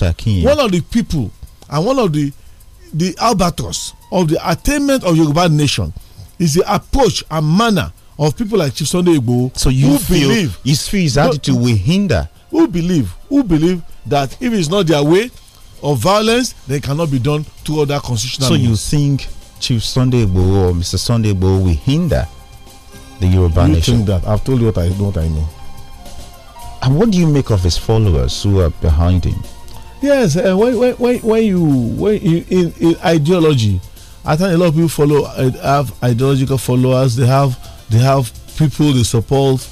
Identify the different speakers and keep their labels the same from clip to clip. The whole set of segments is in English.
Speaker 1: Mr. One
Speaker 2: of the people and one of the the albatross of the attainment of Yoruba nation is the approach and manner of people like Chief Sunday Igbo. So you who feel believe, his fear, attitude will hinder. Who believe? Who believe that if it's not their way of violence, they cannot be done to other constitutional. So means.
Speaker 3: you think Chief Sunday Igbo or Mr. Sunday Igbo will hinder the Yoruba you nation? Think that I've told you what I what I know. And what do you make of his followers who are behind him?
Speaker 2: Yes, uh, when, when, when you when you, in, in ideology, I think a lot of people follow uh, have ideological followers. They have they have people they support,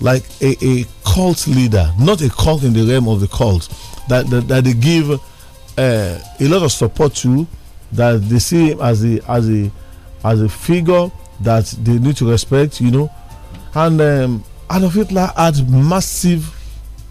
Speaker 2: like a, a cult leader, not a cult in the realm of the cult, that that, that they give uh, a lot of support to, that they see him as a as a as a figure that they need to respect. You know, and um, Adolf Hitler had massive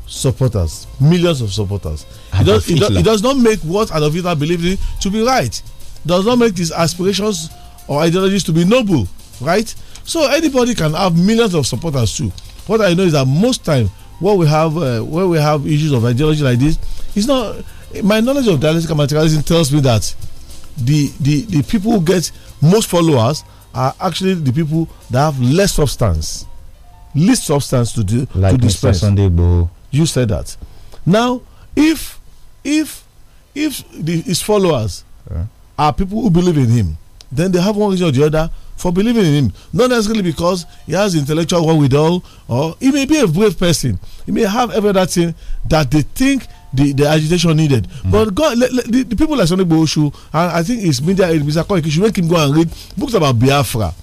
Speaker 2: supporters, millions of supporters it does, it, does, it does, not make what Hitler believed in to be right. Does not make his aspirations or ideologies to be noble, right? So anybody can have millions of supporters too. What I know is that most time what we have uh, where we have issues of ideology like this, it's not my knowledge of dialectical materialism tells me that the the the people who get most followers are actually the people that have less substance, least substance to do like to dispense. Sunday You said that. Now, if if if the, his followers yeah. are people who believe in him, then they have one reason or the other for believing in him. Not necessarily because he has intellectual wherewithal, or he may be a brave person. He may have every other thing that they think the, the agitation needed. Mm. But God, le, le, the, the, people like Sonny Boshu, and I think his media, Mr. Koike, should make him go and read books about Biafra.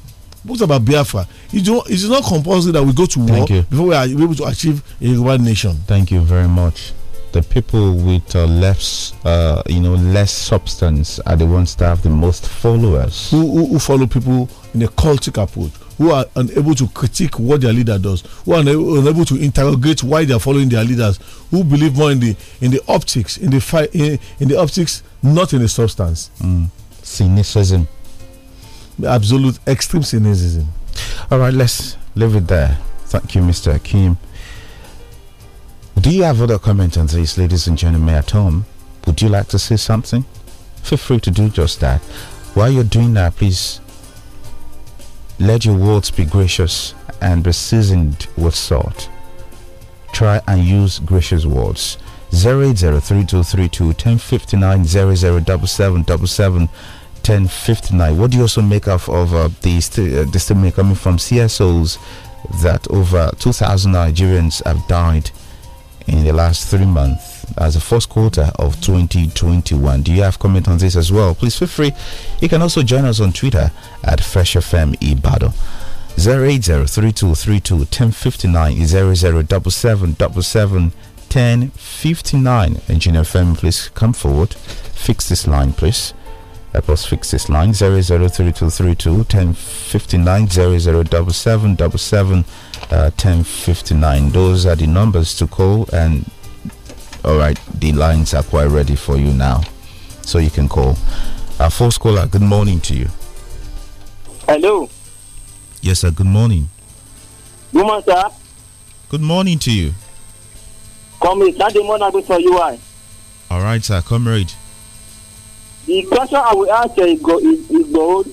Speaker 2: Books about Biafra. it is not compulsory that we go to war before we are able to achieve a Yoruba nation.
Speaker 3: Thank you very much the people with uh, less, uh, you know, less substance are the ones that have the most followers.
Speaker 2: Who, who, who, follow people in a cultic approach, who are unable to critique what their leader does, who are unable to interrogate why they are following their leaders, who believe more in the in the optics, in the in, in the optics, not in the
Speaker 3: substance. Mm. Cynicism.
Speaker 2: Absolute extreme cynicism.
Speaker 3: All right, let's leave it there. Thank you, Mr. Akim. Do you have other comments on this, ladies and gentlemen at home? Would you like to say something? Feel free to do just that. While you're doing that, please let your words be gracious and be seasoned with salt. Try and use gracious words. 08032321059 1059 What do you also make of, of uh, the, st- uh, the statement coming from CSOs that over 2,000 Nigerians have died in the last three months as the first quarter of 2021. Do you have comment on this as well? Please feel free. You can also join us on Twitter at Fresh FM Ibado. 080-3232-1059 1059 Engineer Femi, please come forward. Fix this line, please. Uh, plus fix this line 003232 1059 uh, Those are the numbers to call, and all right, the lines are quite ready for you now, so you can call. Our uh, first caller, good morning to you. Hello. Yes, sir. Good morning. Good morning, sir. Good morning to you.
Speaker 4: Comrade, Sunday morning, I be for you. All
Speaker 3: right, sir. Comrade
Speaker 4: the question I will ask uh, Igbo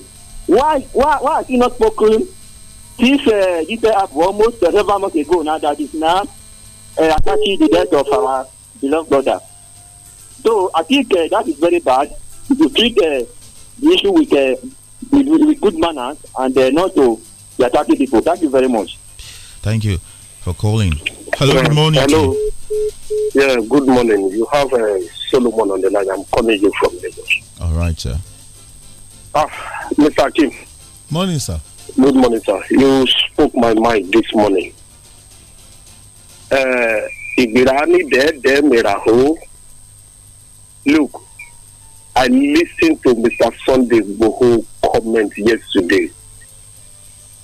Speaker 4: why, why, why has he not spoken since uh, this uh, almost uh, several months ago now that is now uh, attaching the death of our beloved brother? So I think uh, that is very bad to treat uh, the issue with, uh, with, with good manners and uh, not to be attacking people. Thank you very much.
Speaker 3: Thank you for calling. Hello, good morning. Hello.
Speaker 4: Yeah, good morning. You have a uh, Solomon on the line. I'm calling you from Lagos. All right, sir. Ah, Mr. Kim.
Speaker 3: Morning, sir. Good morning,
Speaker 4: sir. You spoke my mind this morning. Uh, eh, Ibirani there, there, Miraho. Look, I listened to Mr. Sunday's Boho comment yesterday.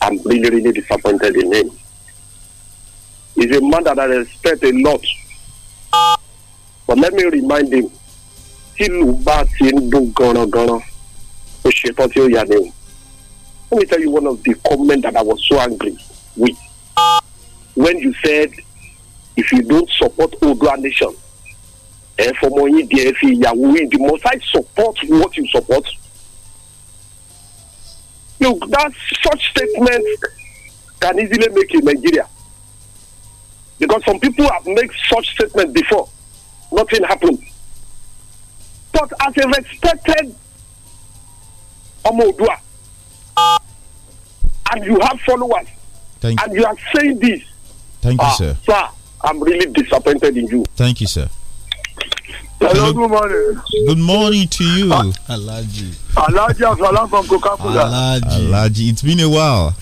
Speaker 4: I'm really, really disappointed in him. He's a man that I respect a lot but let me remind him, tílù bá ti ń dún ganranganran ó ṣe tán tí ó yà ni o. Let me tell you one of the comments that I was so angry with when you said if you don't support Odua nation ẹ fọmọ yín di ẹ fi ìyàwó yín di must I support what you support? Look, that such statement can easily make you Nigeria because some people have made such statement before nothing happened. But as a respected Omodua, and you have followers, Thank and you are saying this. Thank you, ah, sir. Sir, I'm really
Speaker 3: disappointed in you. Thank you, sir. Hello, good morning. Good morning to you, ah,
Speaker 5: Alaji.
Speaker 2: Alaji. Alaji, from coca
Speaker 5: Alaji.
Speaker 3: Alaji, it's been a while.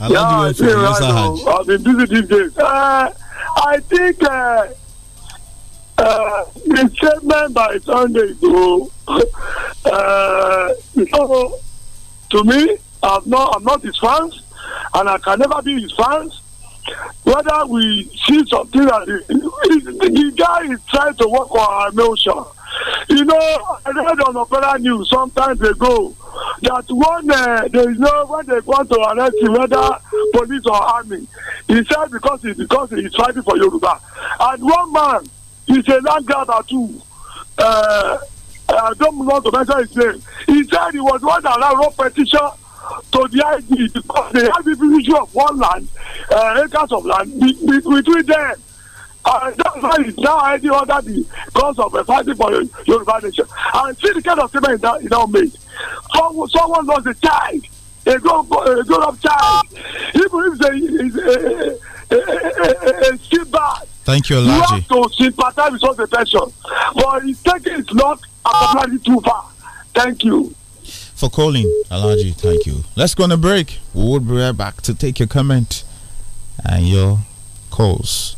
Speaker 5: Alaji, yeah, I I've been busy these days. Uh, I think. Uh, uh, the statement by Sunday uh, so to me, I'm not, I'm not his fans, and I can never be his fans. Whether we see something that the, the, the guy is trying to work on our emotion. You know, I read on Opera News some time ago that when uh, there is no when they want to arrest him, whether police or army, he said because he because he is fighting for Yoruba, and one man He's a land grabber too. Uh, I don't want to mention his name. He said he was one that wrote petition to the ID because they have the privilege of one land, uh, acres of land be, be, between them. And that's why it's now ID under the cause of a fighting for your, your nation. And see the kind of statement that he now made. Some someone was a child, a grown, a grown up child. He believes it's a, a, a, a, a, a, a, a, a
Speaker 3: Thank you, Olaji.
Speaker 5: You have to sympathize with such a person, but his taking it not apparently too far. Thank you.
Speaker 3: For calling, Alaji, thank you. Let's go on a break. We'll be right back to take your comment and your calls.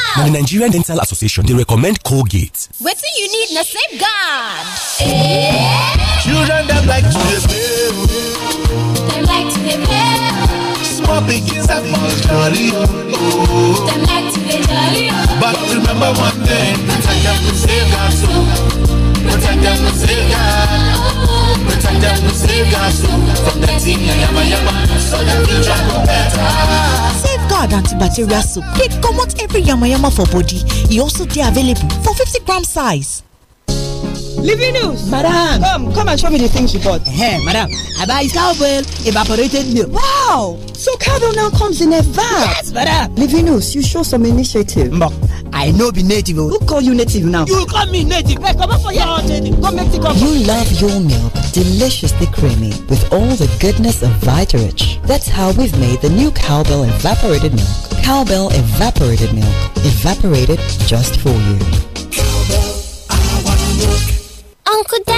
Speaker 6: Now, the Nigerian Dental Association, they recommend Colgate.
Speaker 7: What do you
Speaker 8: need na safeguard? Eh? Children like to They like to Small pigs more
Speaker 9: jolly. They oh. like to jolly. Oh. But remember one thing, protect them from oh. protect them from safeguard. Protect guard safeguard you
Speaker 10: from the thing and yama yama so the future go better.
Speaker 11: Safeguard antibacterial soap. They come out every yama yama for body. It also they available for 50 gram size. Living Madam. Come, come and show me the things you bought. Hey, madam. I buy cowbell, evaporated milk. Wow. So cowbell now comes in a van. Yes, madam. Living you show some initiative. Mok, I know be native. Oh. Who call you native now? You
Speaker 8: call me native.
Speaker 11: Hey, come up for your native. Go make the coffee. You love your milk deliciously creamy with all the goodness of Vitarich. That's how we've made the new cowbell evaporated milk. Cowbell evaporated milk. Evaporated just for you.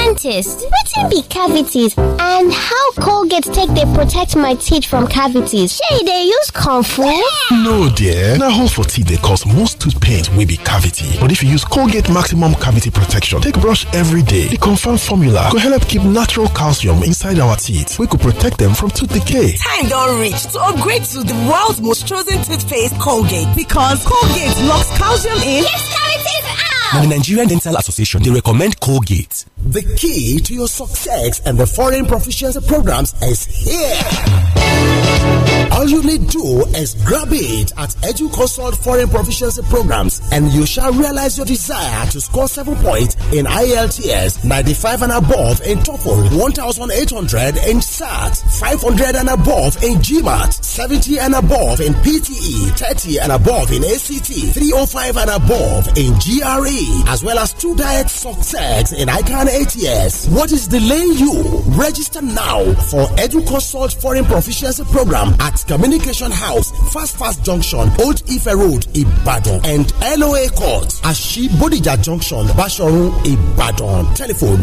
Speaker 7: dentist can be cavities and how colgate take they protect my teeth from cavities shey they use comfort?
Speaker 2: no
Speaker 12: dear Now hole for teeth they cause most tooth pains will be cavity but if you use colgate maximum cavity protection take brush every day the confirm formula go help keep natural calcium inside our teeth We could protect them from tooth decay
Speaker 11: time don't reach to upgrade to the world's most chosen toothpaste colgate because colgate locks calcium in yes cavities out now, the
Speaker 6: Nigerian Dental Association, they recommend Colgate. The key to your success and the foreign proficiency programs is here. All you need do is grab it at EduConsult Foreign Proficiency Programs and you shall realize your desire to score 7 points in IELTS, 95 and above in TOEFL, 1800 in SAT, 500 and above in GMAT, 70 and above in PTE, 30 and above in ACT, 305 and above in GRE as well as two diet
Speaker 13: success in ICANN
Speaker 6: ATS. What is delaying you? Register now for EduConsult Foreign Proficiency Program at Communication House, Fast Fast Junction, Old Ife Road, Ibadan, and LOA Court, Ashi Bodija Junction, Bashoru, Ibadan. Telephone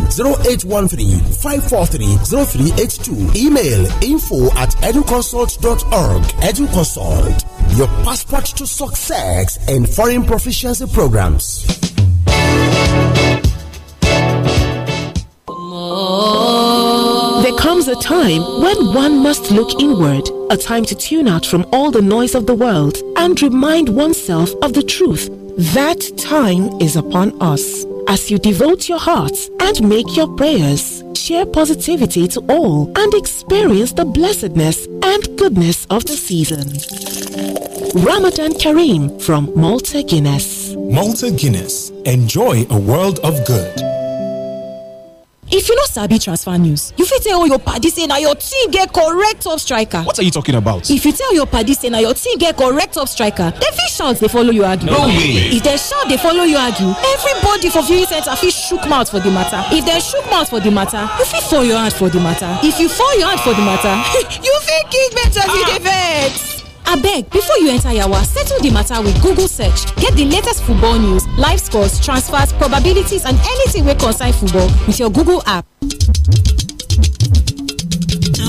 Speaker 6: 0813-543-0382. Email info at educonsult.org. EduConsult, your passport
Speaker 11: to success
Speaker 6: in foreign proficiency programs.
Speaker 11: There comes a time when one must look inward, a time to tune out from all the noise of the world and remind oneself of the truth. That time is upon us. As you devote your hearts and make your prayers, share positivity to all and experience the blessedness and goodness of the season. Ramadan Kareem from Malta Guinness.
Speaker 9: Malta Guinness. Enjoy a world of good
Speaker 14: if you no sabi transfer news you fit tell all your padi say na your team get correct top striker what are you talking about if you tell your padi say na your team get correct top striker dem fit shout dey follow you argue no way if dem shout dey follow you argue everybody for viewing centre fit shook mouth for di matter if dem shook mouth for di matter you fit fall your hand for di matter if you fall your hand for di matter you fit kick me as the dey vex abeg before you enter yawa settle the matter with google search get the latest football news live scores transfers probabilities and anything wey concern football with your google app.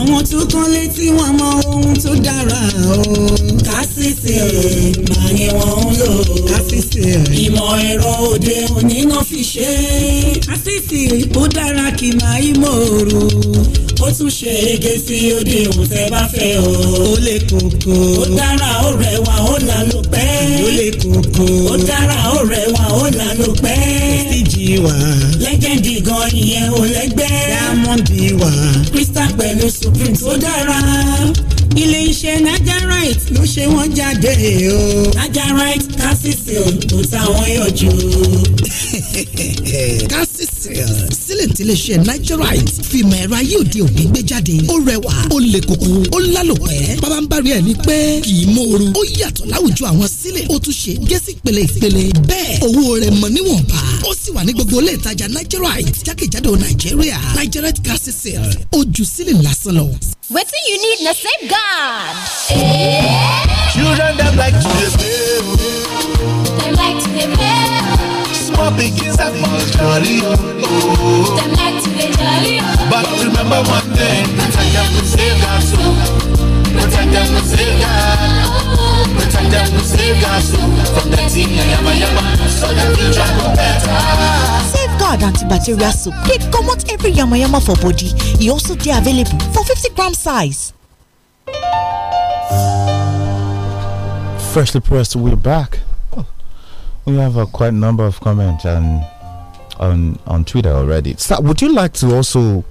Speaker 15: àwọn tó kán létí wọn mọ ohun tó dára o. kásìsì máa ni wọ́n ń lò. kásìsì ìmọ̀ ẹ̀rọ òde òní náà fi ṣe é. kásìsì ó dára kì máa í mòòrò ó tún ṣe ege sí òde òwò tẹ́ bá fẹ́ o. ó le koko. ó dára ó rẹwà ó lànà pẹ́. ó le koko. ó dára ó rẹwà ó lànà pẹ́. fíjì wá. lẹ́gẹ̀dì gan ìyẹn ò lẹ́gbẹ́. dáàmọ́ndì wá. crystal pẹ̀lú supreme tó dára ilé iṣẹ́ Nigerite ló ṣe wọ́n jáde o. Nigerite calcium kò táwọn yọjú. calcium
Speaker 11: talent iléeṣẹ́ nigerite fìmọ̀ ẹ̀rọ ayé òde òní gbé jáde ó
Speaker 16: rẹwà ó lè kókó ó lálòpẹ́ bàbá ń bari ẹ̀ ní pẹ́ kì í mòoru ó yàtọ̀ láwùjọ àwọn sílẹ̀ ó tún ṣe gẹ́sì pèlè ìpèlè bẹ́ẹ̀ owó rẹ̀ mọ̀ níwọ̀nba ó sì wà ní gbogbo ilé ìtajà
Speaker 8: nigerite jákèjádò nàìjíríà nigerite gas sale
Speaker 16: ojú sílẹ̀ lásán lọ.
Speaker 8: wetin you need na safeguard. children dem like to dey
Speaker 16: play. Oh.
Speaker 1: dem like to dey play
Speaker 16: small begins that must
Speaker 9: jolly oh.
Speaker 1: Them like to jolly oh.
Speaker 9: But remember one thing, protect them
Speaker 1: from
Speaker 10: save God's soul. Protect them from save God. Protect them from save God's soul. From that the tea and yama yama, so that future will better.
Speaker 11: Safeguard antibacterial soap. They come out every yama yama for body. It also they available for 50 gram size.
Speaker 3: Freshly pressed, we're back. We have uh, a quite number of comments and on on Twitter already. So would you like to also,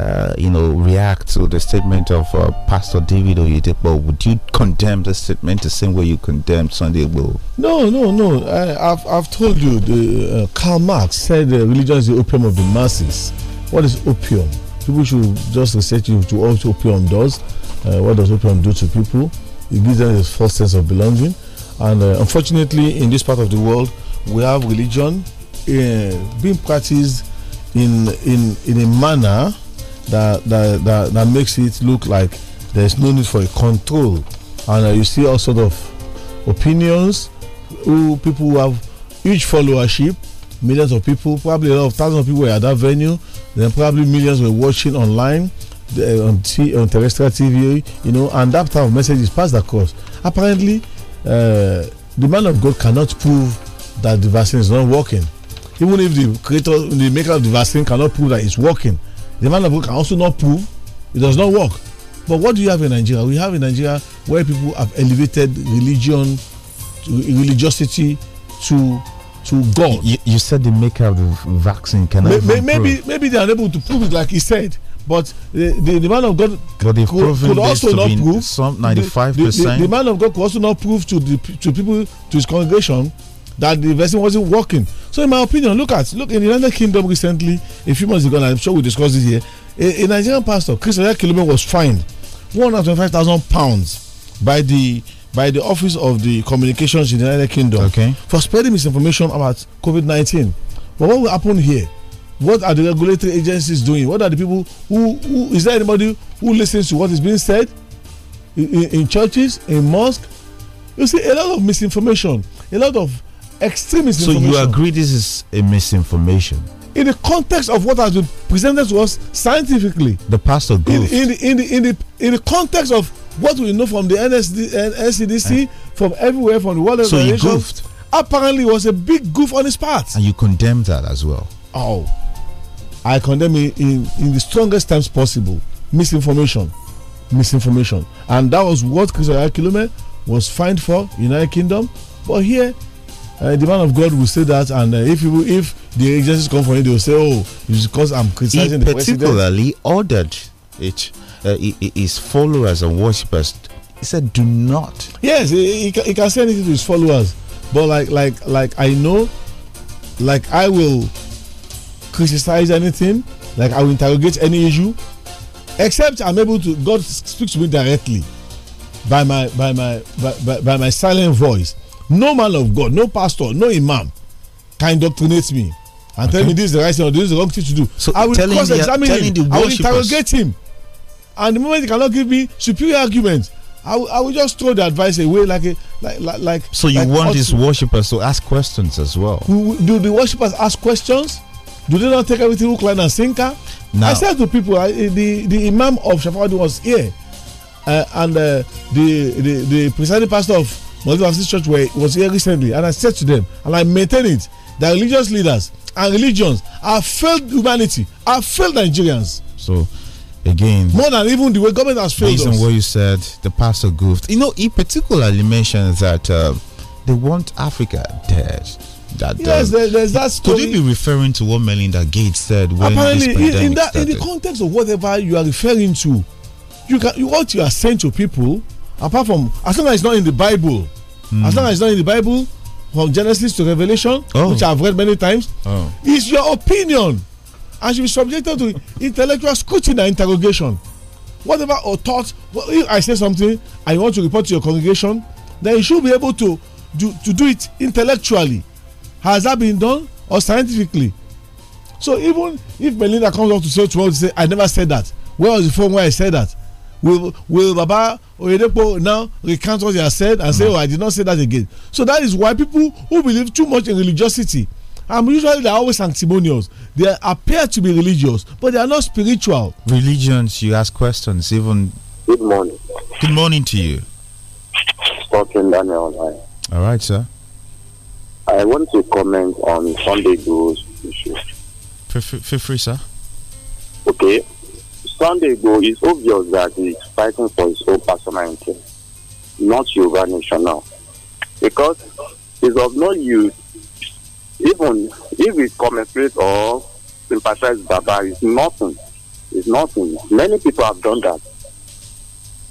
Speaker 3: uh, you know, react to the statement of uh, Pastor David Oyedepo? Would you condemn the statement the same way you condemned Sunday Will?
Speaker 2: No, no, no. I, have I've told you. The, uh, Karl Marx said uh, religion is the opium of the masses. What is opium? People should just research you to what opium does. Uh, what does opium do to people? It gives them a false sense of belonging and uh, unfortunately, in this part of the world, we have religion uh, being practiced in in in a manner that that that, that makes it look like there's no need for a control. And uh, you see all sort of opinions. Who people who have huge followership, millions of people, probably a lot of thousands of people were at that venue. Then probably millions were watching online. The, eh, on, t- on terrestrial TV, you know, and that type of message is passed across. Apparently, uh, the man of God cannot prove that the vaccine is not working. Even if the creator, the maker of the vaccine cannot prove that it's working, the man of God can also not prove it does not work. But what do you have in Nigeria? We have in Nigeria where people have elevated religion,
Speaker 3: religiosity to to God. You, you said the maker of the vaccine cannot. May, maybe prove.
Speaker 2: maybe they are able to prove it, like he said. But the, the, the man of God but could, could also not prove some ninety five percent. The man of God could also not prove to the to people to his congregation that the vaccine wasn't working. So in my opinion, look at look in the United Kingdom recently, a few months ago, and I'm sure we discussed this here. A, a Nigerian pastor, Chris Kilome, was fined one hundred twenty-five thousand pounds by the by the Office of the Communications in the United Kingdom okay. for spreading misinformation about COVID 19. But what will happen here? What are the regulatory agencies doing? What are the people who, who is there anybody who listens to what is being said in, in churches, in mosques? You see, a lot of misinformation, a lot of extreme So you
Speaker 3: agree this is a misinformation?
Speaker 2: in the context of what has been presented to us scientifically. The pastor goes. In, in, the, in, the, in the in the context of what we know from the NSD, NCDC, from everywhere, from the World so goofed. apparently was a big goof on his part.
Speaker 3: And you condemn that as well.
Speaker 2: Oh, I condemn it in, in the strongest terms possible. Misinformation, misinformation, and that was what Chris Ayakilume was fined for United Kingdom. But here, uh, the man of God will say that, and uh, if you, if the agencies come for him, they will say, "Oh, it's because I'm criticizing he the president." particularly
Speaker 3: ordered it uh, his followers and worshippers. He said, "Do not." Yes, he, he, can say anything to
Speaker 2: his followers, but like like like I know, like I will criticize anything, like I will interrogate any issue, except I'm able to. God speaks to me directly by my by my by, by, by my silent voice. No man of God, no pastor, no imam can indoctrinate me and okay. tell me this is the right thing or this is the wrong thing to do. So I will cross examine him. I will interrogate him and the moment you cannot give me superior arguments I will, I will just throw the advice away like a like like, like so you like want these
Speaker 3: worshippers to ask questions as well
Speaker 2: do the worshippers ask questions do they not take everything hook line and sinker now, I said to people I, the the imam of Shafadi was here uh, and uh, the, the the presiding pastor of Multiverse Church was here recently and I said to them and I maintain it that religious leaders and religions
Speaker 3: have failed humanity have failed Nigerians so again more than even the way government has failed based us. on what you said the pastor goofed you know he particularly mentioned that uh, they want africa dead that yes, there, um, there's that story. Could you be referring to what Melinda Gates said when Apparently, this in, that, in the
Speaker 2: context of whatever you are referring to, you can you, what you are saying to people, apart from as long as it's not in the Bible, mm. as long as it's not in the Bible, from Genesis to Revelation, oh. which I've read many times, oh. is your opinion and should be subjected to intellectual scrutiny and interrogation whatever or thought well, if i say something I want to report to your congregation then you should be able to do to do it intellectually has that been done or scientifically so even if Melinda comes up to say say i never said that where was the phone where i said that will will baba oyedepo now recount what he has said and mm -hmm. say mm-hmm. oh i did not say that again so that is why people who believe too much in religiosity and usually they are always sanctimonious they appear
Speaker 3: to be religious
Speaker 2: but they are not spiritual.
Speaker 3: religions you ask questions even. good morning. good morning to you. talking daniel all right sir.
Speaker 4: i want to comment on sunday goals issue.
Speaker 3: feel free, sir.
Speaker 4: okay sunday go is obvious that he's fighting for his own personality not your national because it's of no use even if we commemorate or sympathize Baba, it's nothing. It's nothing. Many people have done that.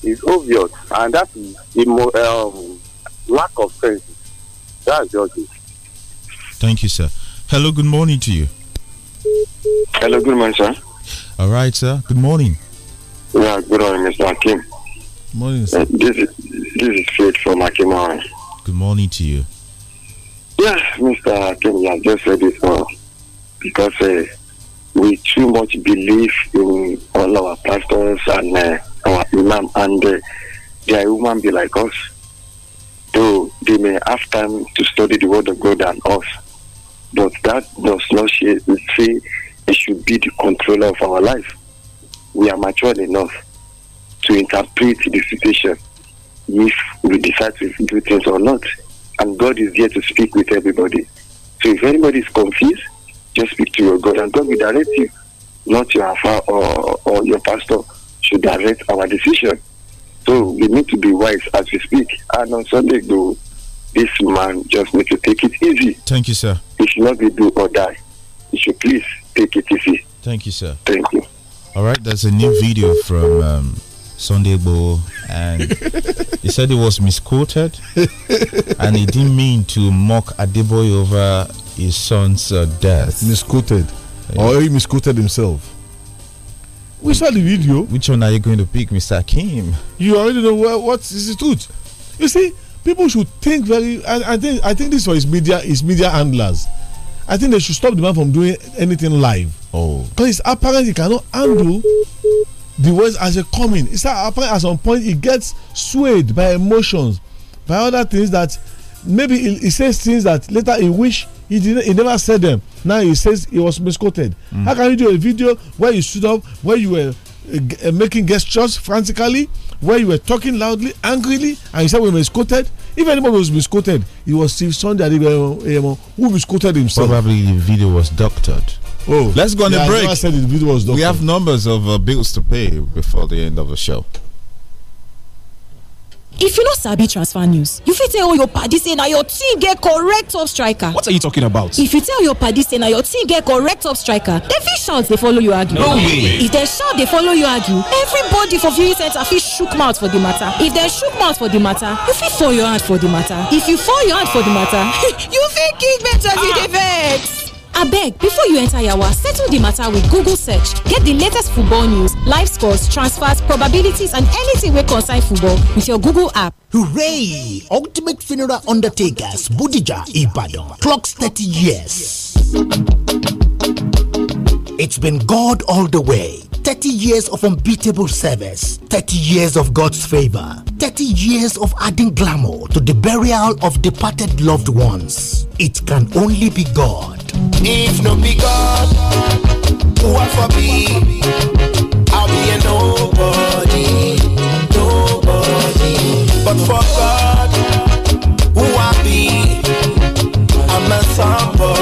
Speaker 4: It's obvious, and that's the um, lack of sense. That's your Thank
Speaker 3: you, sir. Hello, good morning to you.
Speaker 4: Hello, good morning, sir.
Speaker 3: All right, sir. Good morning.
Speaker 4: Yeah, good morning, Mr. Akim. Morning, sir. Uh, this, is, this is Faith from Akimara.
Speaker 3: Good morning to you.
Speaker 4: Yeah, Mr. Kenny, I just said it all because uh, we too much believe in all our pastors and uh, our imam, and uh, they are human be like us. Though they may have time to study the word of God and us, but that does not say it should be the controller of our life. We are mature enough to interpret the situation if we decide to do things or not and God is there to speak with everybody. So if anybody is confused, just speak to your God and God will direct you, not your alpha or, or your pastor should direct our decision. So we need to be wise as we speak. And on Sunday, though, this man just need to take it easy. Thank you, sir. It should not be do or die. You should please take it
Speaker 3: easy. Thank you, sir. Thank you. All right, there's a new video from um, Sunday Igbo and he said he was misquoted and he didn't mean to mock Adeboy over his son's uh, death. Misquoted. Yeah. Or he misquoted himself. We saw the video. Which one are you going to pick,
Speaker 2: Mr. Kim? You already know what, what is the truth. You see, people should think very. I, I think I think this for his media his media handlers. I think they should stop the man from doing anything live. Oh, because it's apparent he cannot handle the words as a coming it's like at some point It gets swayed by emotions by other things that maybe he, he says things that later he wish he didn't he never said them now he says he was misquoted mm. how can you do a video where you stood up where you were uh, uh, making gestures frantically where you were talking loudly angrily and you said we were misquoted if anybody was misquoted it was steve sunday uh, who misquoted himself
Speaker 3: probably the video was doctored
Speaker 2: Oh, let's go on yeah, a break. I said it, was we have
Speaker 3: numbers of uh, bills to pay before the end of the show.
Speaker 14: if you know sabi transfer news you fit tell all your padi say na your team get correct top striker what are you talking about if you tell your padi say your team get correct top striker the fish shout they follow you argue no way if they shout they follow you argue everybody for viewing centre fit shook mouth for the matter if they shook mouth for the matter you fit fall your hand for the matter if you fall your hand for the matter you fit kick bench as ah. the dey vex abeg before you enter yawa settle the matter with google search get the latest football news live scores transfers probabilities
Speaker 6: and anything wey concern football with your google app. hooray ultimate funeral undertakers Budija ibadan clocks thirty years. It's been God all the way. 30 years of unbeatable service, 30 years of God's favor, 30 years of adding glamour to the burial of departed loved ones. It can only be God.
Speaker 8: If not be God, who are for me? I'll be a nobody,
Speaker 15: nobody. But for God, who I be, I'm a somebody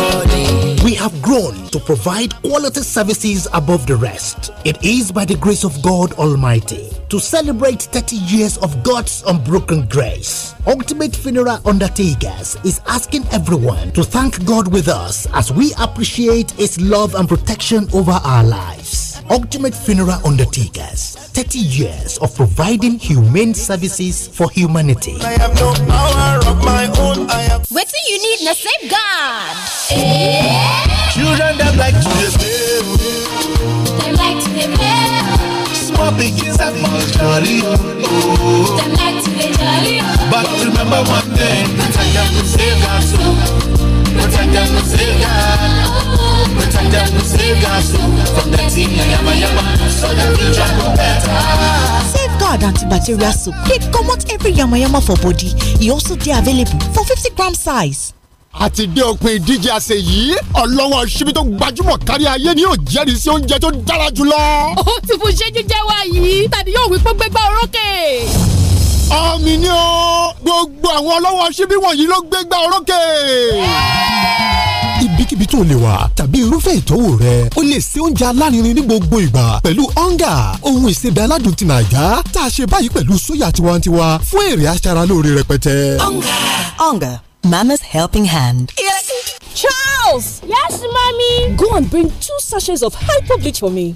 Speaker 6: grown to provide quality services above the rest. It is by the grace of God Almighty to celebrate 30 years of God's unbroken grace. Ultimate Funeral Undertakers is asking everyone to thank God with us as we appreciate His love and protection over our lives. Ultimate Funeral Undertakers, 30 years of providing humane services for humanity. I have no power of my own.
Speaker 8: I you need a safeguard.
Speaker 16: Children them like to be play.
Speaker 8: Them like to the play. Small pigs have more
Speaker 9: jolly. Oh.
Speaker 1: Them like to be jolly.
Speaker 9: But remember one thing: that I have to save our soul. Mutanda Musiga Mutanda
Speaker 10: Musiga So from the team Yama Yama So the future go better
Speaker 11: Safeguard antibacterial soap. They come out every yama yama for body. He also they available for 50
Speaker 13: gram size. àti dé òpin ìdíje àṣẹ yìí ọlọ́wọ́ ṣíbí tó gbajúmọ̀ kárí ayé ni yóò jẹ́rìí sí oúnjẹ tó dára jùlọ. ó ti fún ṣẹ́jú jẹ́ wa yìí tàbí yóò wí pé
Speaker 8: gbégbá orókè ọ̀mì ni ó gbogbo àwọn ọlọ́wọ́ ṣíbí wọ̀nyí ló gbégbá
Speaker 13: orókè.
Speaker 6: ibikíbi tó lè wà tàbí irúfẹ́ ìtọ́wò rẹ o lè ṣe oúnjẹ alárinrin ní gbogbo ìgbà pẹ̀lú ọ̀ngà ohun ìsebẹ̀ aládùn ti nàìjà tá a ṣe báyìí pẹ̀lú sóyà tiwantiwa fún èrè aṣaralóore rẹpẹtẹ. ọ̀ngà
Speaker 11: mama's helping hand. Yes. Charles! Yes, mommy! Go and bring two sachets of hyper bleach for me.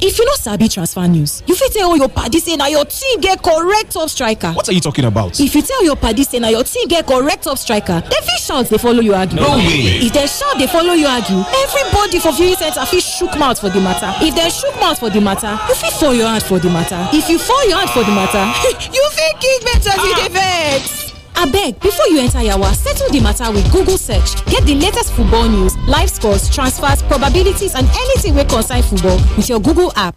Speaker 14: if you no sabi transfer news you fit tell all your padi say na your team get correct top striker what are you talking about if you tell your padi say na your team get correct top striker dem fit shout dey follow you argue no way if dem shout dey follow you argue everybody for viewing centre fit shook mouth for di matter if dem shook mouth for di matter you fit fall your hand for di matter if you fall your hand for di matter you fit kick me to you dey vex abeg before you enter yawa settle the matter with google search get the latest football news live scores transfers probabilities and anything wey concern football with your google app.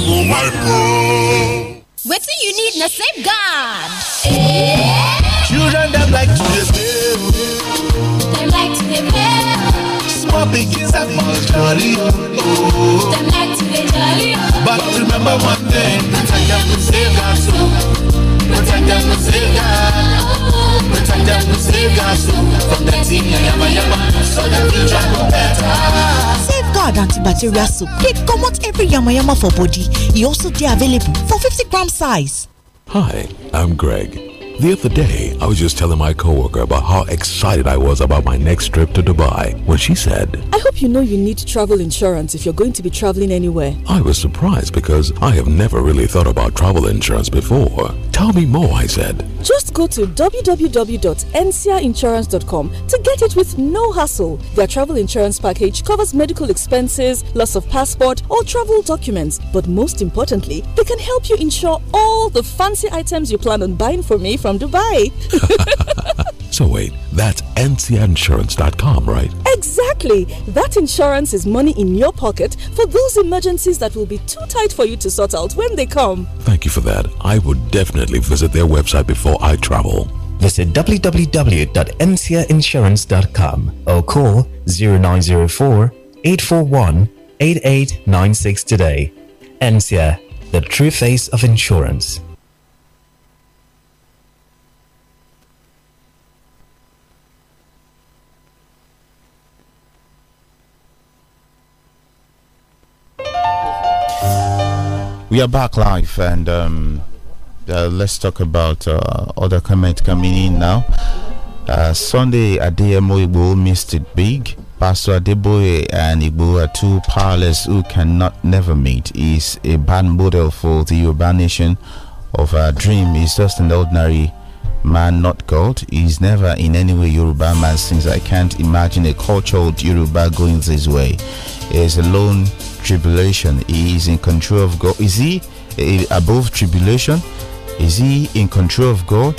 Speaker 8: Wetin you need na safeguard.
Speaker 9: Children dem like to dey play.
Speaker 8: Dem like to dey play.
Speaker 9: Small pikins have much jolly. Oh.
Speaker 1: Dem oh. like to dey jolly. Oh.
Speaker 9: But remember one thing,
Speaker 10: protect dem with safeguard so. Protect dem with safeguard. Protect dem with safeguard so. From dirty and yamayama, so dem future go
Speaker 11: better guard antibacterial soap come comot every yamayama for body It also dey available for 50 gram size. hi
Speaker 9: i'm greg. The other day, I was just telling my coworker about how excited I was about my next trip to Dubai when she said, I
Speaker 11: hope you know you need travel insurance if you're going to be traveling anywhere.
Speaker 9: I was surprised because I have never really thought about travel insurance before. Tell me more, I said.
Speaker 11: Just go to www.ncrinsurance.com to get it with no hassle. Their travel insurance package covers medical expenses, loss of passport, or travel documents. But most importantly, they can help you insure all the fancy items you plan on buying for me from from Dubai.
Speaker 9: so, wait, that's ncinsurance.com, right?
Speaker 11: Exactly. That insurance is money in your pocket for those emergencies that will be too tight for you to sort out
Speaker 15: when they come.
Speaker 9: Thank you for that. I would definitely visit their website before I travel. Visit
Speaker 8: www.ncinsurance.com or call 0904 841 8896 today. MCA, the true face of insurance.
Speaker 3: we are back live and um, uh, let's talk about uh, other comment coming in now. Uh, Sunday, Adeyemo Igbo missed it big. Pastor Adeboye and Igbo are two powerless who cannot never meet. Is a bad model for the urban of our uh, dream. Is just an ordinary man not God is never in any way Yoruba man since I can't imagine a cultured Yoruba going this way. He a alone tribulation. He is in control of God. Is he eh, above tribulation? Is he in control of God?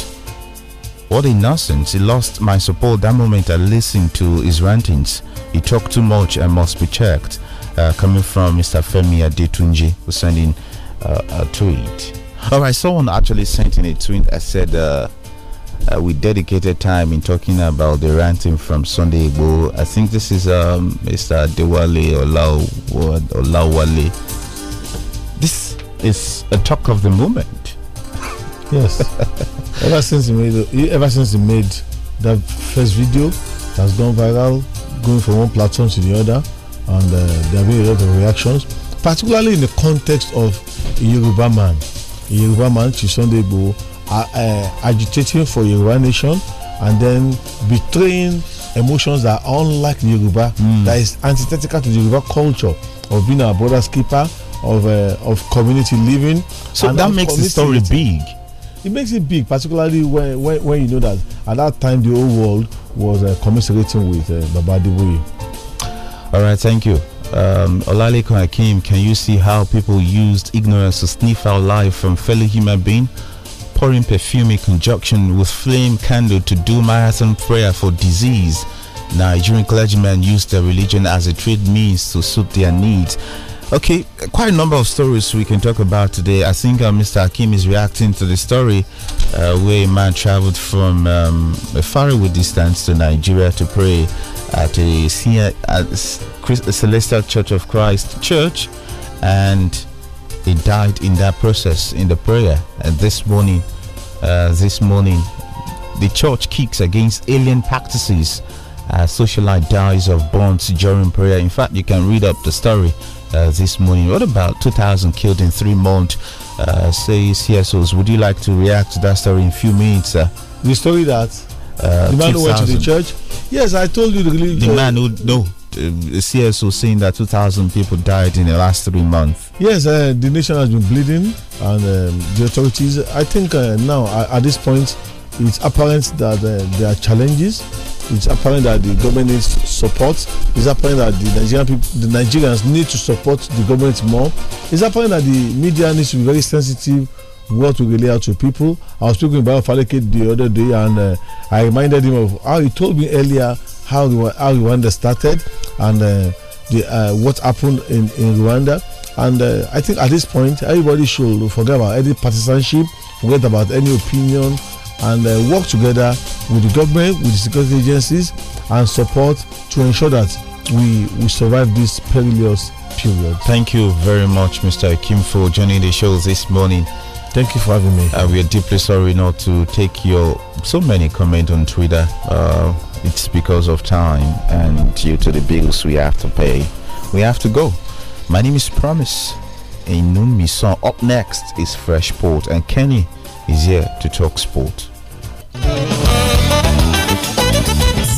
Speaker 3: What a nonsense. He lost my support that moment I listened to his rantings. He talked too much and must be checked. Uh, coming from Mr. Femi Adetunji, who's sending uh, a tweet. All right, someone actually sent in a tweet I said, uh, uh, we dedicated time in talking about the ranting from Sunday Igbo. I think this is um, Mr. Dewale Olawale. This is a talk of the moment.
Speaker 2: Yes. ever since he made, ever since he made that first video, has gone viral, going from one platform to the other, and uh, there have been a lot of reactions, particularly in the context of Yoruba man, Yoruba man to Sunday Eh, agitating for Yoruba nation and then betraying emotions that are unlike Yoruba, mm. that is antithetical to the Yoruba culture of being a brother's keeper, of uh, of community living. So that makes the story big. It makes it big, particularly when, when, when, you know that at that time the whole world was uh, commiserating with uh,
Speaker 3: Babadiboye. All right, thank you. Um, Olalekan Akim, can you see how people used ignorance to sniff out life from fellow human being? pouring perfume in conjunction with flame candle to do marathon prayer for disease. Nigerian clergymen use their religion as a trade means to suit their needs. Okay, quite a number of stories we can talk about today. I think uh, Mr. Akim is reacting to the story uh, where a man traveled from um, a faraway distance to Nigeria to pray at a, at a Celestial Church of Christ church and he died in that process in the prayer. And this morning, uh, this morning, the church kicks against alien practices. Uh, socialite dies of burns during prayer. In fact, you can read up the story uh, this morning. What about 2,000 killed in three months? Uh, says CSOs. Would you like to react to that story in a few minutes? Uh, the story that uh, the man who went to the church. Yes, I told you the, the man who no CSO uh, saying that 2,000 people died in the last three months.
Speaker 2: Yes, uh, the nation has been bleeding, and um, the authorities, I think uh, now at, at, this point, it's apparent that uh, there are challenges. It's apparent that the government needs support. It's apparent that the Nigerian people, the Nigerians need to support the government more. It's apparent that the media needs to be very sensitive what to relay out to people. I was speaking about Faleke the other day, and uh, I reminded him of how he told me earlier how how Rwanda started and uh, the, uh, what happened in, in Rwanda. And uh, I think at this point, everybody should forget about any partisanship, forget about any opinion, and uh, work together with the government, with the security agencies, and support to ensure that we
Speaker 3: we survive this perilous period. Thank you very much, Mr. Kim, for joining the show this morning. Thank you for having me. Uh, we are deeply sorry not to take your so many comment on Twitter. Uh, it's because of time and due to the bills we have to pay, we have to go. My name is Promise Inumi Son. Up next is Fresh Port, and Kenny is here to talk sport.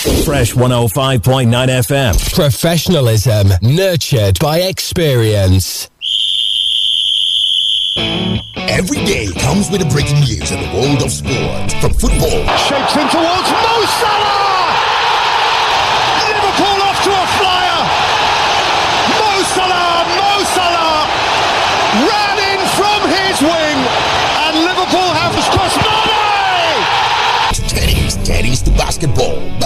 Speaker 9: Fresh 105.9
Speaker 13: FM. Professionalism nurtured by experience. Every day comes with a breaking news in the world of sport. From football,
Speaker 5: shapes in towards Mo Salah!
Speaker 8: Liverpool off to a flyer. Mo Salah, Mo Salah ran in from his wing, and Liverpool have crossed
Speaker 13: Mane. To tennis, tennis to basketball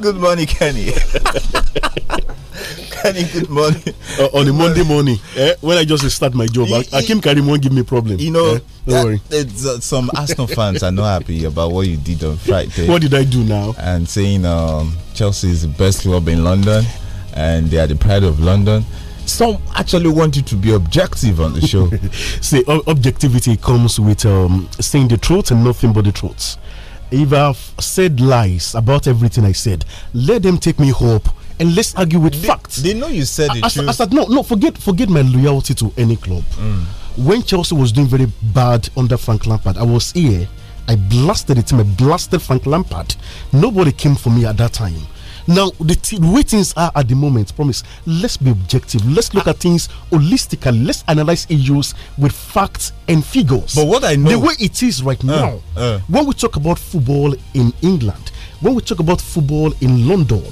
Speaker 3: good morning, Kenny.
Speaker 12: Kenny, good morning. Uh, on good a Monday morning, eh, when I just start my job, Akim Karim won't give me problem. You know, eh, don't that, worry. Uh, some Arsenal fans are
Speaker 3: not happy about what you did on Friday. What did I do now? And saying um, Chelsea is the best club in London, and they are the pride of London some actually want you to be objective on the show.
Speaker 12: See, objectivity comes with um, saying the truth and nothing but the truth if I've said lies about everything I said, let them take me hope and let's argue with
Speaker 3: they, facts. They know you said it. I, I, I, said
Speaker 12: no, no. Forget, forget my loyalty to any club. Mm. When Chelsea was doing very bad under Frank Lampard, I was here. I blasted the team. I blasted Frank Lampard. Nobody came for me at that time. Now, the, the way things are at the moment, promise, let's be objective. Let's look at things holistically. Let's analyze issues with facts and figures. But what I know. The way it is right uh, now, uh. when we talk about football in England, when we talk about football in London,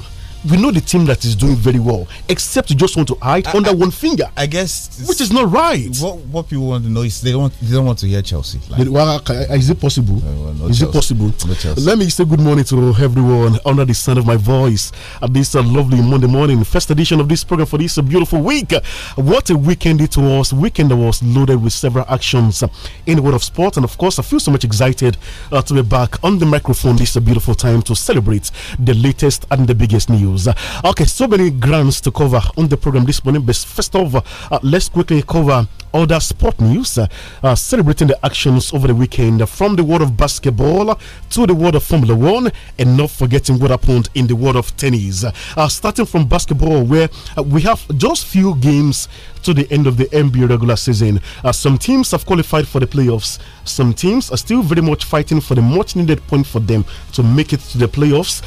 Speaker 12: we know the team that is doing very well, except you just want to hide I, under I, one finger. I guess,
Speaker 3: which is not right. What, what people want to know is they don't they don't want to hear Chelsea. Like, well, is it possible? is Chelsea. it possible?
Speaker 12: Let me say good morning to everyone under the sound of my voice at this uh, lovely Monday morning, first edition of this program for this uh, beautiful week. What a weekend it was! Weekend was loaded with several actions uh, in the world of sport, and of course, I feel so much excited uh, to be back on the microphone. This is uh, a beautiful time to celebrate the latest and the biggest news news. Okay, so many grounds to cover on the program this morning, but first of all, uh, let's quickly cover other sport news, uh, uh, celebrating the actions over the weekend uh, from the world of basketball to the world of Formula One, and not forgetting what happened in the world of tennis. Uh, starting from basketball, where uh, we have just few games to the end of the NBA regular season. Uh, some teams have qualified for the playoffs. Some teams are still very much fighting for the much-needed point for them to make it to the playoffs.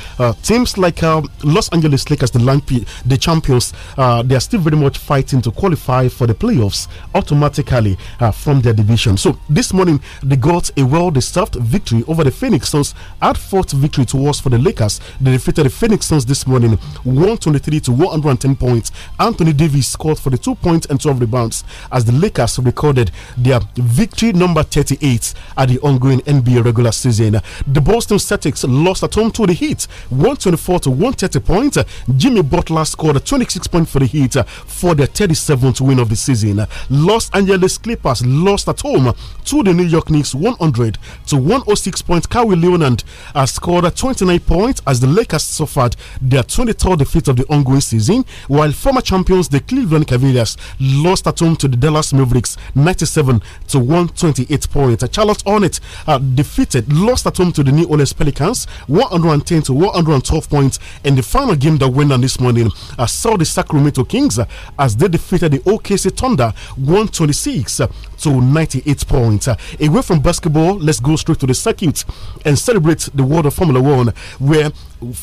Speaker 12: teams like Los Angeles Lakers, the, the champions, they are still very much fighting to qualify for the playoffs. Ultimately automatically uh, from their division. So this morning they got a well-deserved victory over the Phoenix Suns. At fourth victory towards for the Lakers. They defeated the Phoenix Suns this morning, 123 to 110 points. Anthony Davis scored for the two points and 12 rebounds as the Lakers recorded their victory number 38 at the ongoing NBA regular season. The Boston Celtics lost at home to the Heat, 124 to 130 points. Jimmy Butler scored 26 points for the Heat for their 37th win of the season. Lost Los Angeles Clippers lost at home to the New York Knicks 100 to 106 points. Kawhi Leonard has scored 29 points as the Lakers suffered their 23rd defeat of the ongoing season, while former champions the Cleveland Cavaliers lost at home to the Dallas Mavericks 97 to 128 points. Charlotte Hornets uh, defeated, lost at home to the New Orleans Pelicans 110 to 112 points. And the final game that went on this morning uh, saw the Sacramento Kings uh, as they defeated the OKC Thunder 1 26 to 98 points. Uh, away from basketball, let's go straight to the circuit and celebrate the world of Formula One, where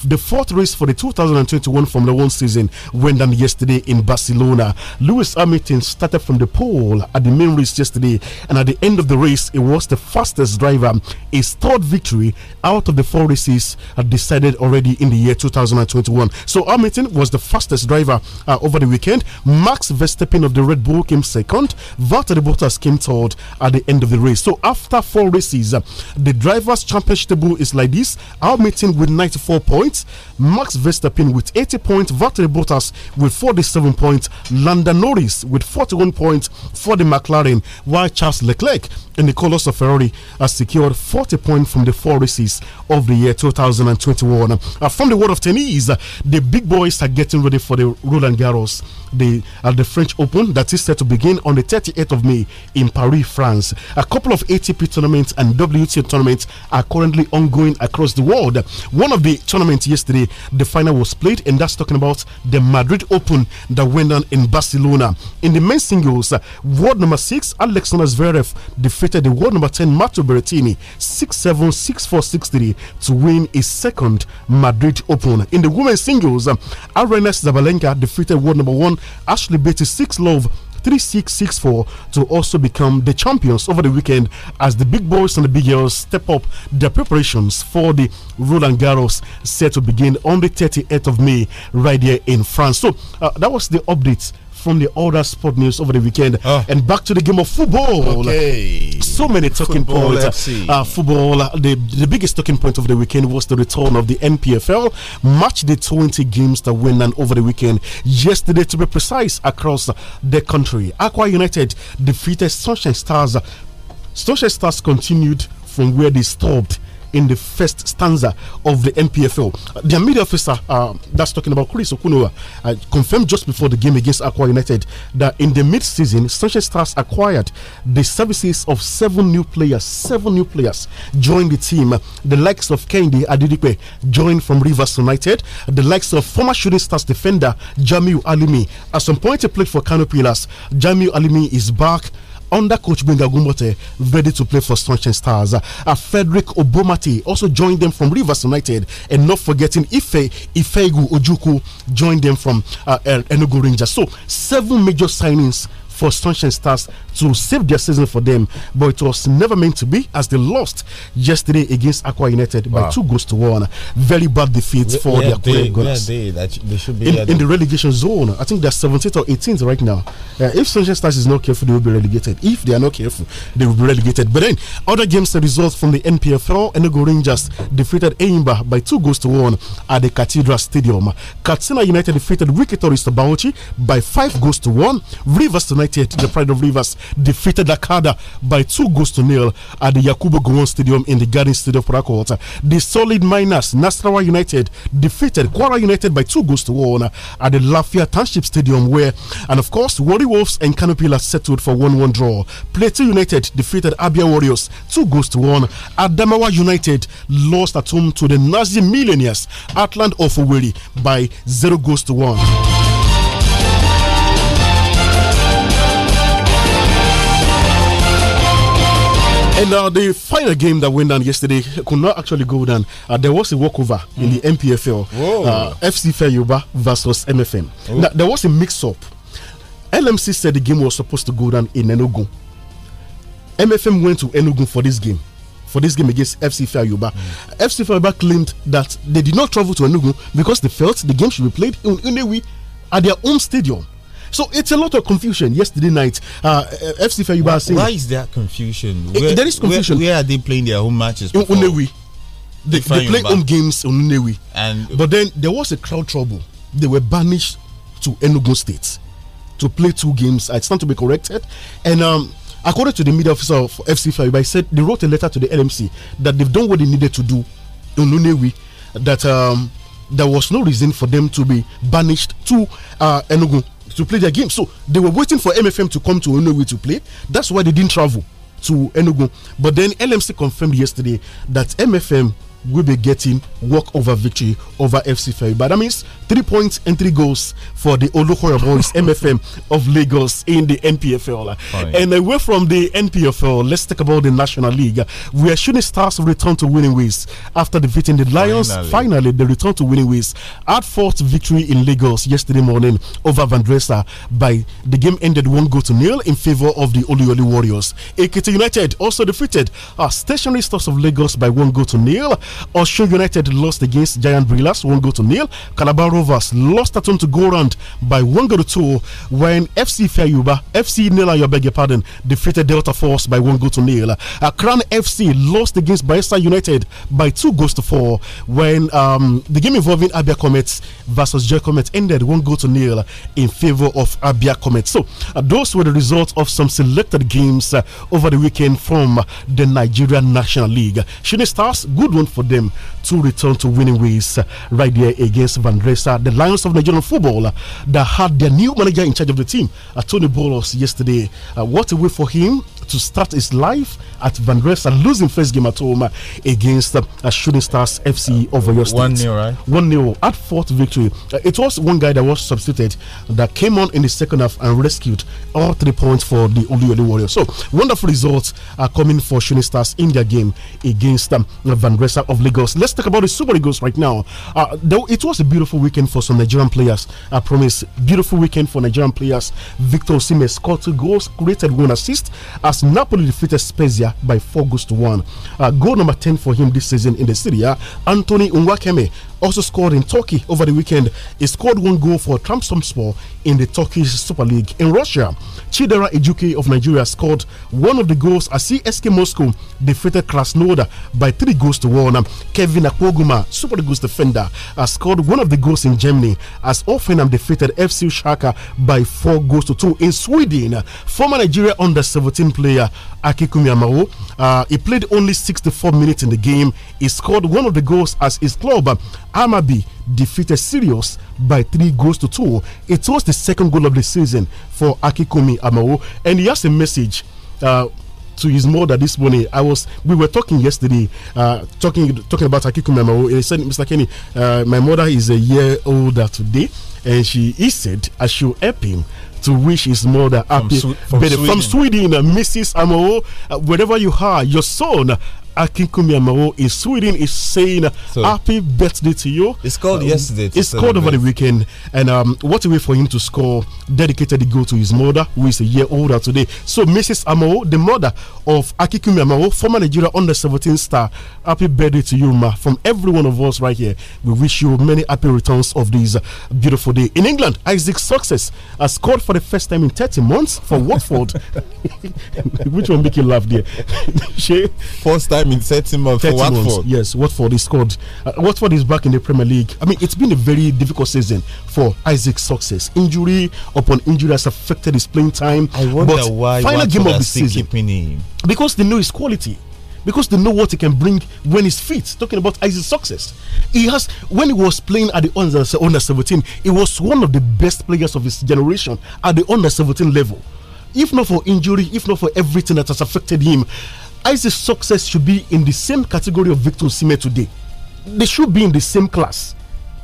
Speaker 12: the fourth race for the 2021 Formula One season went down yesterday in Barcelona. Lewis Hamilton started from the pole at the main race yesterday, and at the end of the race, it was the fastest driver. His third victory out of the four races had decided already in the year 2021. So Hamilton was the fastest driver uh, over the weekend. Max Verstappen of the Red Bull came second. Valtteri Bottas came third at the end of the race. So after four races, uh, the drivers' championship table is like this. Hamilton with 94 points. Max Verstappen with 80 points, Valtteri Bottas with 47 points, Landa Norris with 41 points for the McLaren, while Charles Leclerc and Nicolas Ferrari has secured 40 points from the four races of the year 2021. Uh, from the world of tennis, uh, the big boys are getting ready for the Roland Garros, the, uh, the French Open that is set to begin on the 38th of May in Paris, France. A couple of ATP tournaments and WTA tournaments are currently ongoing across the world. One of the tournaments yesterday the final was played, and that's talking about the Madrid Open that went on in Barcelona. In the men's singles, uh, world number six, Alexander Zverev defeated the world number 10, Matteo Berrettini, 6 7, 6 4, 6 3 to win his second Madrid Open. In the women's singles, uh, Arenas Zabalenka defeated world number one, Ashley Beatty, 6 love 3664 to also become the champions over the weekend as the big boys and the big girls step up their preparations for the Roland Garros set to begin on the 38th of May right here in France. So uh, that was the update from the other sport news over the weekend. Ah. And back to the game of football. Okay. So many talking football points. Uh, football, uh, the, the biggest talking point of the weekend was the return of the NPFL. Match the 20 games that went on over the weekend. Yesterday, to be precise, across the country. Aqua United defeated Sunshine Stars. Sunshine Stars continued from where they stopped in the first stanza of the MPFL. Their media officer, uh, that's talking about Chris Okunowa, uh, confirmed just before the game against Aqua United that in the mid-season, Sunshine Stars acquired the services of seven new players. Seven new players joined the team. The likes of Kendi Adidipe joined from Rivers United. The likes of former Shooting Stars defender Jamil Alimi. At some point, he played for Kano Pillars. Jamil Alimi is back under coach Benga Gumbote, ready to play for Sunshine Stars. Uh, uh, Frederick Obomati also joined them from Rivers United, and not forgetting Ife Ifegu Ojuku joined them from uh, Enugu Rangers. So seven major signings for Sunshine Stars to save their season for them, but it was never meant to be as they lost yesterday against Aqua United wow. by two goals to one. Very bad defeat we, for the Aqua Yeah,
Speaker 3: They, they should be in, in the,
Speaker 12: relegation zone. I think they're 17th or 18th right now. Uh, if Sunshine Stars is not careful, they will be relegated. If they are not careful, they will be relegated. But then, other games the results from the NPFL, Enugu Rangers defeated Eimba by two goals to one at the Cathedral Stadium. Katsina United defeated Wikitoris Bauchi by five goals to one. Rivers tonight United, the Pride of Rivers, defeated Akada by two goals to nil at the Yakubu Gowon Stadium in the Garden City of Port The solid miners, Nasrawa United, defeated Kwara United by two goals to one at the Lafia Township Stadium, where, and of course, Warri Wolves and Canopilla settled for 1 1 draw. Plateau United defeated Abia Warriors two goals to one. Adamawa United lost at home to the Nazi Millionaires, Atland of Oweri, by zero goals to one. And uh, the final game that went down yesterday could not actually go down. Uh, there was a walkover mm. in the MPFL. Uh, FC Fayuba versus MFM. Now, there was a mix up. LMC said the game was supposed to go down in Enugu. MFM went to Enugu for this game. For this game against FC Fayuba. Mm. FC Fayuba claimed that they did not travel to Enugu because they felt the game should be played in Unewi at their home stadium. So it's a lot of confusion yesterday night. Uh, uh FC Feyuba why, saying. Why is
Speaker 3: there confusion? Eh, where, there is confusion.
Speaker 12: Where, where, are they playing their home matches? Before? Unewi. They, they, play home games on Unewi. And, but then there was a crowd trouble. They were banished to Enugu State to play two games. Uh, it's time to be corrected. And um, according to the media officer of FC Fayuba, said they wrote a letter to the LMC that they've done what they needed to do on Unewi, that um, there was no reason for them to be banished to uh, Enugu to play their game. So they were waiting for MFM to come to Enugu to play. That's why they didn't travel to Enugu. But then LMC confirmed yesterday that MFM will be getting walkover victory over FC Ferry. That means three points and three goals for the Olukoya Boys MFM of Lagos in the NPFL. Fine. And away from the NPFL, let's talk about the National League, We are Shooting Stars return to winning ways after defeating the Lions. Finally, Finally they return to winning ways. at fourth victory in Lagos yesterday morning over Vandresa by the game ended one goal to nil in favor of the Olioli Warriors. Ekiti United also defeated our Stationary Stars of Lagos by one goal to nil. Osho United lost against Giant Brillas, one goal to nil. Calabar Rovers lost at home to go round by one goal to two when FC Fayuba, FC Nila, you beg your pardon, defeated Delta Force by one goal to nil. Uh, Crown FC lost against Bayesa United by two goals to four when um, the game involving Abia Comet versus Joy Comet ended one goal to nil in favor of Abia Comet. So uh, those were the results of some selected games uh, over the weekend from uh, the Nigerian National League. Shooting Stars, good one for them to return to winning ways uh, right there against Van Dresa. The Lions of Nigerian football uh, that had their new manager in charge of the team, uh, Tony Bolos, yesterday. what a way for him to start his life at Van Ressa, losing first game at home against uh, Shooting Stars FC uh, over your state. 1 0, right? 1 nil at fourth victory. Uh, it was one guy that was substituted that came on in the second half and rescued all three points for the Oluyole Warriors. So, wonderful results are coming for Shooting Stars in their game against um, Van Ressa of Lagos. Let's talk about the Super Eagles right now. Uh, though it was a beautiful weekend for some Nigerian players, I promise. Beautiful weekend for Nigerian players. Victor Sime scored two goals, created one assist as as Napoli defeated Spezia by 4 goals to 1. Uh, goal number 10 for him this season in the Serie A, Anthony Nwakeme also scored in Turkey over the weekend. He scored one goal for Trabzonspor in the Turkish Super League. In Russia, Chidera Ejuke of Nigeria scored one of the goals as CSK Moscow defeated Krasnodar by three goals to one. Kevin Akpoguma, Super Eagles defender, has scored one of the goals in Germany as Offenham defeated FC Schalke by four goals to two. In Sweden, former Nigeria under 17 player Akikumi Amaro. Uh, he played only 64 minutes in the game. He scored one of the goals as his club, Amabi, defeated Sirius by three goals to two. It was the second goal of the season for Akikumi Amaro. And he has a message. Uh, to his mother this morning. I was we were talking yesterday, uh, talking talking about Akikumi Amaro. He said, Mr. Kenny, uh, my mother is a year older today, and she he said I should help him to wish his mother happy from, from, Sweden. from Sweden, Mrs. Amaro, uh, wherever you are, your son Akinkumi Amaro in Sweden is saying uh, so happy birthday to you. It's called um, yesterday. It's called over the weekend. And um, what a way for him to score dedicated the goal to his mother, who is a year older today. So Mrs. Amaro, the mother of Akinkumi Amaro, former Nigeria under 17 star, happy birthday to you, Ma. From every one of us right here, we wish you many happy returns of this uh, beautiful day. In England, Isaac Success has scored for the first time in 30 months for Watford. Which one make you laugh there? First time time in 30 months 30 for Watford. Months. Yes, Watford is scored. Uh, Watford is back in the Premier League. I mean, it's been a very difficult season for Isaac's success. Injury upon injury has affected his playing time. I wonder but why final Watford game of the season. Him. Because they know his quality because they know what he can bring when he's fit. Talking about Isaac's success, he has when he was playing at the under, under 17, he was one of the best players of his generation at the under 17 level. If not for injury, if not for everything that has affected him, Isaac's success should be in the same category of Victor Osimhen today. They should be in the same class.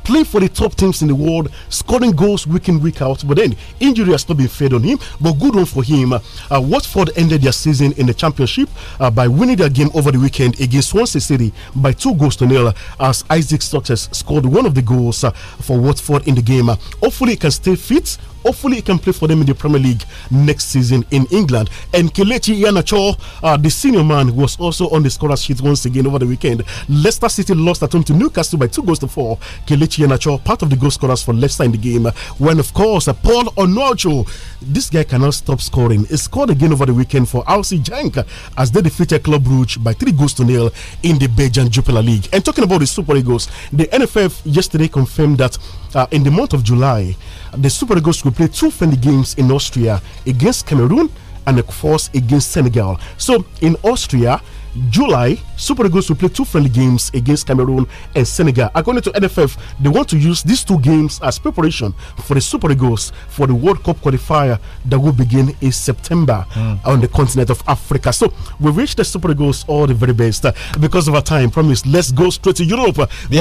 Speaker 12: Play for the top teams in the world, scoring goals week in, week out. But then injury has not been fed on him. But good one for him. Uh, Watford ended their season in the championship uh, by winning their game over the weekend against Swansea City by two goals to nil. As Isaac Success scored one of the goals uh, for Watford in the game. Uh, hopefully, he can stay fit Hopefully, he can play for them in the Premier League next season in England. And Kelechi Iheanacho, uh, the senior man, was also on the scorer sheet once again over the weekend. Leicester City lost at home to Newcastle by two goals to four. Kelechi Iheanacho, part of the goal scorers for Leicester in the game. When, of course, uh, Paul Onocho, this guy cannot stop scoring. He scored again over the weekend for RC Genk as they defeated Club Brugge by three goals to nil in the Belgian Jupiler League. And talking about the Super Eagles, the NFF yesterday confirmed that uh, in the month of July, the Super Eagles will play two friendly games in Austria against Cameroon and of course against Senegal. So in Austria, July, Super Eagles will play two friendly games against Cameroon and Senegal. According to NFF, they want to use these two games as preparation for the Super Eagles for the World Cup qualifier that will begin in September mm. on the continent of Africa. So we wish the Super Eagles all the very best uh, because of our time. Promise, let's go straight to Europe. The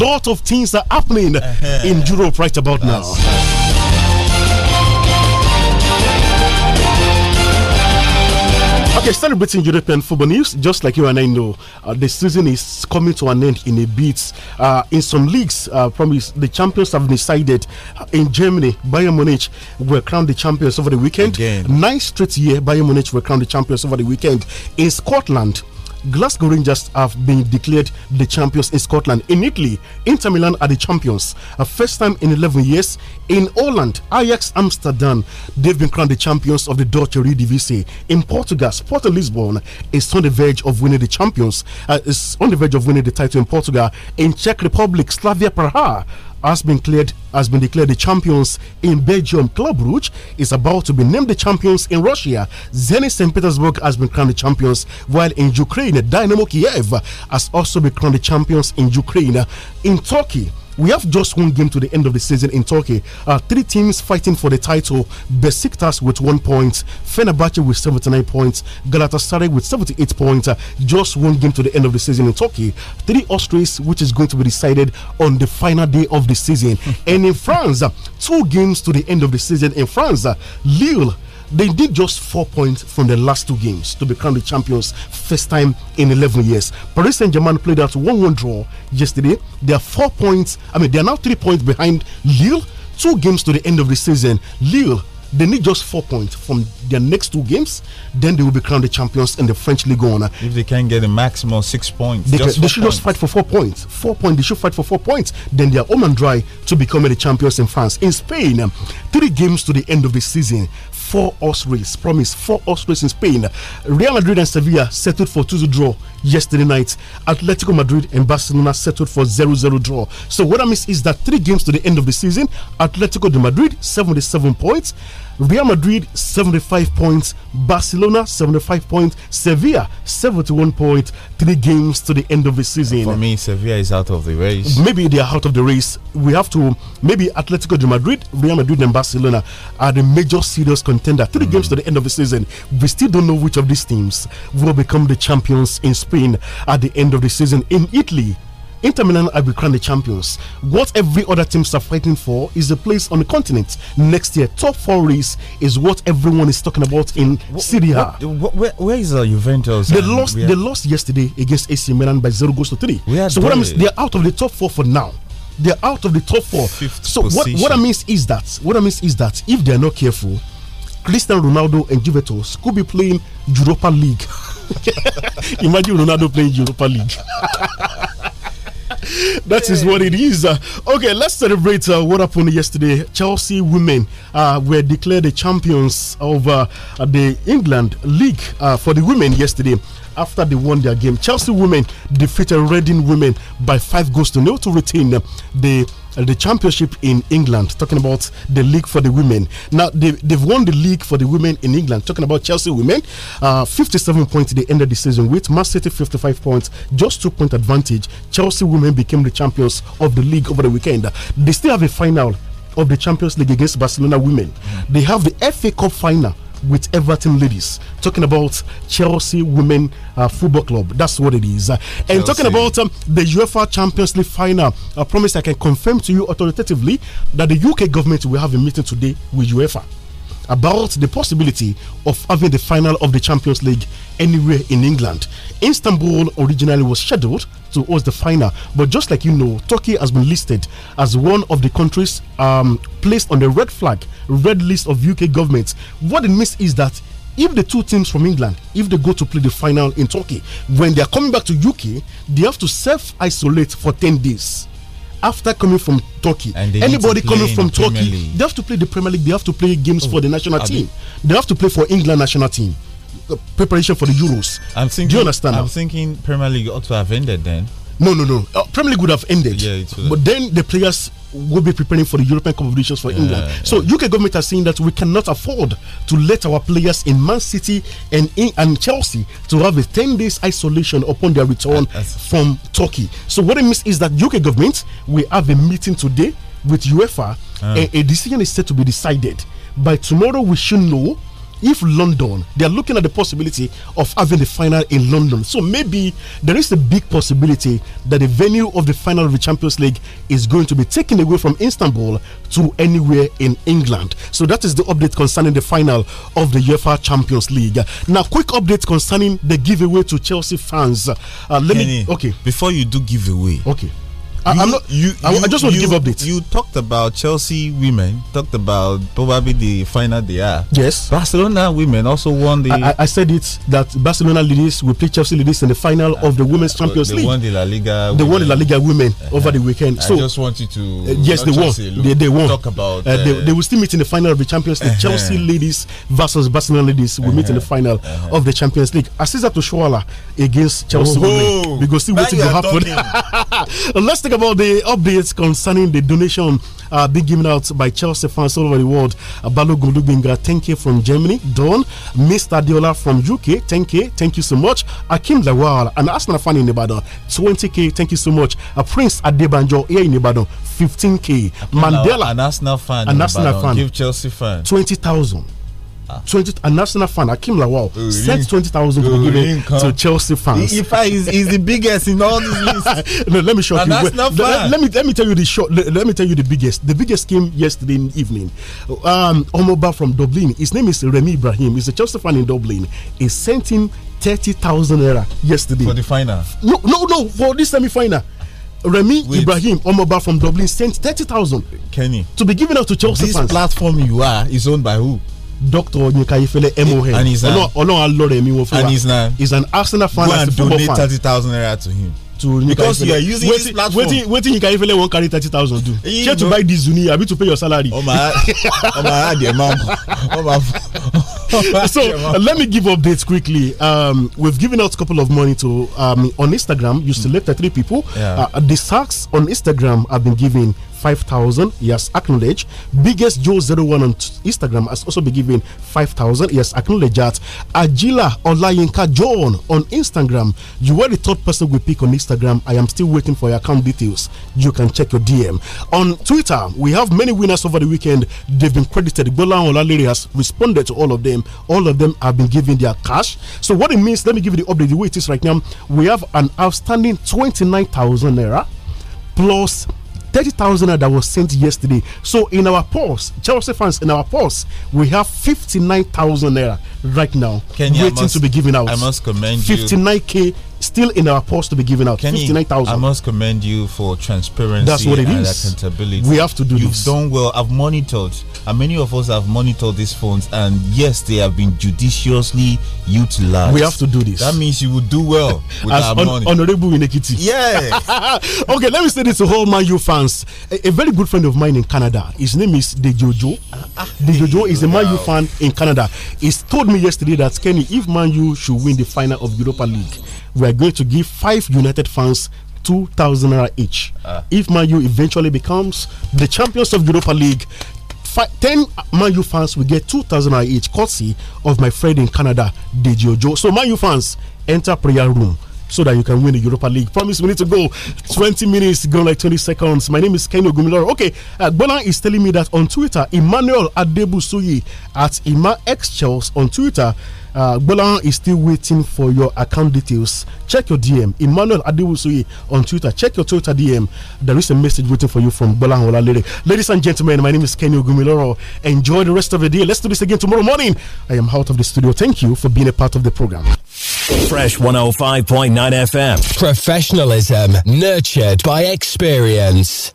Speaker 12: A lot of things are happening uh-huh. in Europe right about That's now. Okay, celebrating European football news. Just like you and I know, uh, the season is coming to an end in a bit. Uh, in some leagues, uh, the champions have decided. Uh, in Germany, Bayern Munich were crowned the champions over the weekend. Again. Nine straight year, Bayern Munich were crowned the champions over the weekend. In Scotland, Glasgow Rangers have been declared the champions in Scotland. In Italy, Inter Milan are the champions. a first time in 11 years. In Holland, Ajax Amsterdam, they've been crowned the champions of the Dutch Eredivisie. In Portugal, Porto Lisbon is on the verge of winning the champions. Uh, is on the verge of winning the title in Portugal. In Czech Republic, Slavia Praha has been cleared, has been declared the champions in Belgium. Club Rouge is about to be named the champions in Russia. Zenit St. Petersburg has been crowned the champions, while in Ukraine, Dynamo Kiev has also been crowned the champions in Ukraine. In Turkey, we have just one game to the end of the season in Turkey. Uh, three teams fighting for the title. Besiktas with one point, Fenerbahce with 79 points, Galatasaray with 78 points. Uh, just one game to the end of the season in Turkey. Three Austrians, which is going to be decided on the final day of the season. and in France, uh, two games to the end of the season in France. Uh, Lille they did just four points from the last two games to become the champions first time in 11 years. Paris Saint Germain played out 1 1 draw yesterday. They are four points, I mean, they are now three points behind Lille, two games to the end of the season. Lille they need just four points from their next two games, then they will be crowned the champions in the French League Owner,
Speaker 3: If they can get a maximum six points,
Speaker 12: they, can, they should points. just fight for four points. Four points, they should fight for four points. Then they are home and dry to become the champions in France. In Spain, three games to the end of the season four horse race. Promise, four horse race in Spain. Real Madrid and Sevilla settled for 2 0 draw yesterday night. Atletico Madrid and Barcelona settled for 0 0 draw. So, what I miss is that three games to the end of the season Atletico de Madrid, 77 points. Real Madrid 75 points, Barcelona 75 points, Sevilla 71 points, three games to the end of the season. For
Speaker 3: me, Sevilla is out of the race.
Speaker 12: Maybe they are out of the race. We have to, maybe Atletico de Madrid, Real Madrid, and Barcelona are the major serious contender. Three mm. games to the end of the season. We still don't know which of these teams will become the champions in Spain at the end of the season. In Italy, Inter Milan have become the champions. What every other teams are fighting for is a place on the continent next year. Top four race is what everyone is talking about in Syria.
Speaker 3: Where, where is uh, Juventus? They lost. They
Speaker 12: lost yesterday against AC Milan by zero goals to three. So what I'm they're out of the top four for now they're out of the top four. Fifth so position. what what I mean is that what I mean is that if they're not careful, Cristiano Ronaldo and Juventus could be playing Europa League. Imagine Ronaldo playing Europa League. that is what it is. Uh, okay, let's celebrate uh, what happened yesterday. Chelsea women uh, were declared the champions of uh, the England League uh, for the women yesterday after they won their game. Chelsea women defeated Reading women by five goals to nil to retain the uh, the championship in England, talking about the league for the women. Now, they, they've won the league for the women in England, talking about Chelsea women. Uh, 57 points they ended the season with, Man City 55 points, just two point advantage. Chelsea women became the champions of the league over the weekend. They still have a final of the Champions League against Barcelona women. Mm -hmm. They have the FA Cup final with Everton ladies. Talking about Chelsea Women uh, Football Club. That's what it is. Uh, and talking about um, the UEFA Champions League final, I promise I can confirm to you authoritatively that the UK government will have a meeting today with UEFA about the possibility of having the final of the Champions League anywhere in England. Istanbul originally was scheduled to host the final, but just like you know, Turkey has been listed as one of the countries um, placed on the red flag, red list of UK governments. What it means is that if the two teams from England, if they go to play the final in Turkey, when they are coming back to UK, they have to self isolate for 10 days after coming from Turkey. Anybody coming from Turkey, they have to play the Premier League. They have to play games oh, for the oh, national team. They? they have to play for England national team. preparation for the Euros.
Speaker 3: I'm thinking. Do you understand? I'm now? thinking Premier League ought to have ended then.
Speaker 12: No, no, no. Uh, Premier League would have ended. Yeah, but then the players will be preparing for the European competitions for yeah, England. Yeah. So UK government are saying that we cannot afford to let our players in Man City and in, and Chelsea to have a 10 days isolation upon their return from Turkey. So what it means is that UK government we have a meeting today with UEFA. A, ah. a decision is set to be decided by tomorrow. We should know if London, they are looking at the possibility of having the final in London. So maybe there is a big possibility that the venue of the final of the Champions League is going to be taken away from Istanbul to anywhere in England. So that is the update concerning the final of the UEFA Champions League. Now, quick update concerning the giveaway to Chelsea fans. Uh, let Kenny, me. Okay.
Speaker 3: Before you do giveaway. Okay I, am not. You, I, you, I just want you, to give updates. You talked about Chelsea women. Talked about probably the final they are. Yes. Barcelona women also won the. I, I said it that
Speaker 12: Barcelona ladies will play Chelsea ladies in the final uh, of the women's uh, Champions they League. They won the La
Speaker 3: Liga. They women. won the La Liga
Speaker 12: women uh -huh. over the weekend. So I just want you to. Uh, yes, they won. they, they won. Talk about. Uh, they, uh, they, will still meet in the final of the Champions League. -huh. Chelsea ladies versus Barcelona ladies will -huh. meet in the uh-huh. final uh-huh. of the Champions League. Assisa Toshuala against Chelsea oh, women because still waiting to happen. Let's take talk about the updates concerning the donation uh, being given out by Chelsea fans all over the world. Uh, Balogun Lubinga, thank you from Germany. Don, Mr. Diola from UK, thank you. Thank you so much. Akim Lawal, an Arsenal fan in Ibadan, 20k. Thank you so much. Uh, Prince Adebanjo here in Ibadan, 15k. Mandela,
Speaker 3: an Arsenal fan. An Arsenal fan. Give Chelsea fan.
Speaker 12: 20,000. 20, a national fan, Akim Lawal, Ooh, sent 20,000 to Chelsea fans. Ifa is, is the biggest in all this. lists. no, let me show you. let, let, me, let me tell you the short, let, let, me tell you the biggest. The biggest came yesterday evening. Um, Omoba from Dublin, his name is Remy Ibrahim, he's a Chelsea fan in Dublin. He sent him 30,000 naira
Speaker 3: yesterday. For the final?
Speaker 12: No, no, no, for this semi final. Remy Wait. Ibrahim Omoba from Dublin sent 30,000 Kenny to be given out to Chelsea this fans. platform you are is owned by who? Dr. Onyeka Ifele MON. And he's an, and he's an, he's an Arsenal fan. Go and donate 30,000
Speaker 3: naira to him. To because you are using waiting, this platform. Waiting,
Speaker 12: waiting Onyeka Ifele won't carry 30,000 do. You have to buy this Zuni, I to pay your salary. Oh my, oh
Speaker 3: my, the amount. Oh my. so uh,
Speaker 12: let me give updates quickly. Um, we've given out a couple of money to um, on Instagram. You selected three people. Yeah. Uh, the sacks on Instagram have been given 5,000. He has acknowledged. Biggest Joe01 on Instagram has also been given 5,000. He has acknowledged that. Ajila Olayinka John on Instagram. You were the third person we pick on Instagram. I am still waiting for your account details. You can check your DM. On Twitter, we have many winners over the weekend. They've been credited. Golan Olaleri has responded to all of them. All of them have been given their cash. So, what it means, let me give you the update the way it is right now. We have an outstanding 29,000 naira plus 30,000 that was sent yesterday. So in our pulse, Chelsea fans, in our pulse, we have 59,000 naira right now Kenya waiting must, to be given out. I must commend 59K you. 59K still in our purse to be given out. 59,000. I
Speaker 3: must commend you for transparency That's what it and is. accountability. We have to do You've this. done well. I've monitored, and many of us have monitored these funds, and yes, they have been judiciously utilized. We have to do this. That
Speaker 12: means you will do well with As our money. Honorable Inekiti. Yeah. okay, let me say this to all Man U fans. A, a, very good friend of mine in Canada, his name is Dejojo. Ah, Dejojo is a Man U fan in Canada. He told me yesterday that Kenny, if Man U should win the final of Europa League, we are going to give five United fans 2,000 naira each. Uh. If Man U eventually becomes the champions of Europa League, five, 10 Man U fans will get 2,000 naira each, courtesy of my friend in Canada, Deji So, Man U fans, enter prayer room so that you can win the Europa League. Promise we need to go 20 minutes, gone like 20 seconds. My name is Kenny Ogumiloro. Okay, uh, is telling me that on Twitter, Emmanuel Adebusuyi at Ima X Chels on Twitter uh, Gbolan is still waiting for your account details. Check your DM. Emmanuel Adewusoye on Twitter. Check your Twitter DM. There is a message waiting for you from Gbolan Olalere. Ladies and gentlemen, my name is Kenny Ogumiloro. Enjoy the rest of the day. Let's do this again tomorrow morning. I am out of the studio. Thank you for being a part of the program.
Speaker 9: Fresh 105.9 FM. Professionalism nurtured by experience.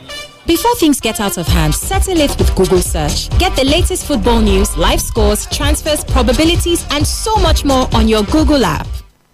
Speaker 14: Before things get out of hand, settle it with Google search. Get the latest football news, live
Speaker 7: scores, transfers, probabilities, and so much more on your Google app.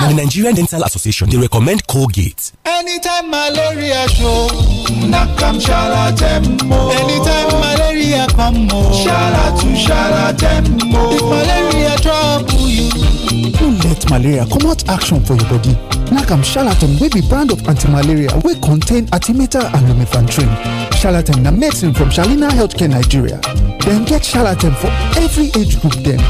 Speaker 6: Now, the Nigerian Dental Association, they recommend Colgate.
Speaker 11: Anytime
Speaker 16: malaria show, knock am shalatemmo. Oh. Anytime malaria come, oh. shalatu shalatemmo. Oh. If malaria trouble you,
Speaker 10: no let malaria comot action for your body. Nakam am shalatem wey be brand of anti-malaria wey contain artimata and lumefantrine. Shalatem na medicine from Shalina Healthcare Nigeria. Dem get shalatem for every age group dem.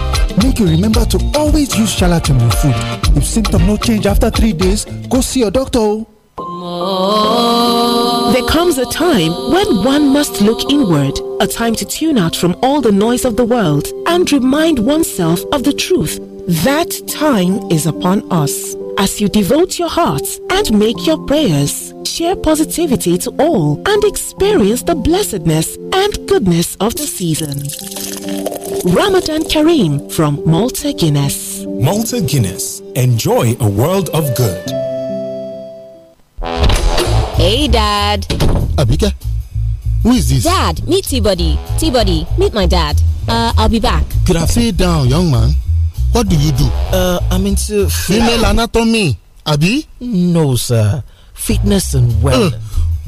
Speaker 10: make you remember to always use
Speaker 11: in your food. If symptoms no change after three days, go see your doctor. Oh. There comes a time when one must look inward, a time to tune out from all the noise of the world and remind oneself of the truth. That time is upon us. As you devote your hearts and make your prayers, share positivity to all and experience the blessedness and goodness of the season. Ramadan Kareem from Malta Guinness.
Speaker 9: Malta Guinness. Enjoy a world of good.
Speaker 17: Hey, Dad.
Speaker 9: Abika, who is
Speaker 12: this?
Speaker 17: Dad, meet T-Body. T-Body, meet my dad. Uh, I'll be back.
Speaker 12: Could I sit down, young man?
Speaker 17: What do you do?
Speaker 16: Uh, I'm into... Female anatomy, Abi? No, sir.
Speaker 18: Fitness
Speaker 6: and uh, wellness. Uh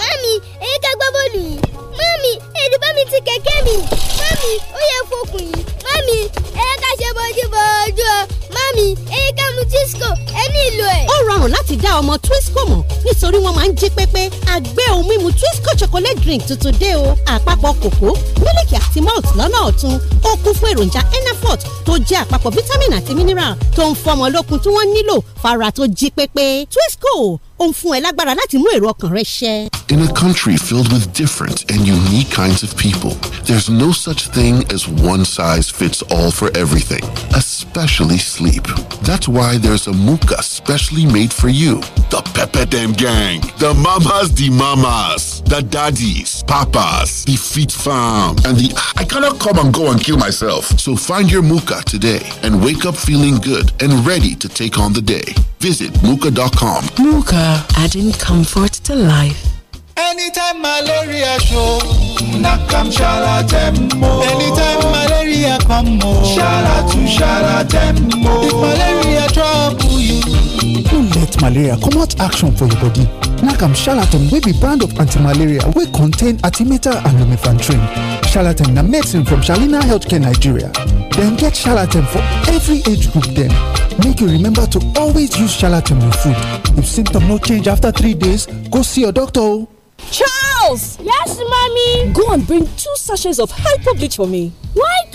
Speaker 7: mami èyí ká gbá bọ́ọ̀lù yìí mami èdè bá mi ti kẹ̀kẹ́ mi mami ó yẹ fokùn yìí mami èyí ká ṣe bójúbójú o mami
Speaker 18: èyí
Speaker 11: ká mu twisco ẹ nílò ẹ. ó rọrùn láti dá ọmọ twisco mọ̀ nítorí wọ́n máa ń jí pépé àgbẹ̀ ohun mímu twisco chocolate drink tuntun dé o àpapọ̀ kòkó mílìkì àti malt
Speaker 17: lọ́nà ọ̀tun ó kún fún èròjà enafort tó jẹ́ àpapọ̀ vitamin àti mineral tó ń fọmọ lókun tí wọ́n nílò fara tó jí pépé twisco ó ń fún ẹ lágbára láti mú èrò ọkàn rẹ
Speaker 11: ṣẹ.
Speaker 13: In a country filled with different and unique kinds of people, there's no such thing as one size fits all for everything, especially sleep. That's why there's a Muka specially made for you. The Pepe Dem Gang, the Mamas the Mamas, the Daddies, Papas, the Feet Farm, and the I cannot come and go and kill myself. So find your Muka today and wake up feeling good and ready to take on the day. Visit Luca.com.
Speaker 15: Luca, adding comfort to life.
Speaker 16: Anytime malaria show,
Speaker 13: Nakam am shalatembo.
Speaker 16: Anytime malaria come, oh. shalatu shalatembo. If malaria trouble
Speaker 10: you, don't let malaria come out. action for your body. Nakam am shalatem wey be brand of anti-malaria wey contain artimata and lumefantrine. Shalatem na medicine from Shalina Healthcare Nigeria. Then get shalatem for every age group Then. make you remember to always use shalatam with food if symptom no change after three days go see your doctor.
Speaker 11: Oh. charles. yes mommy. go and bring two sachets of hypo bleach for me.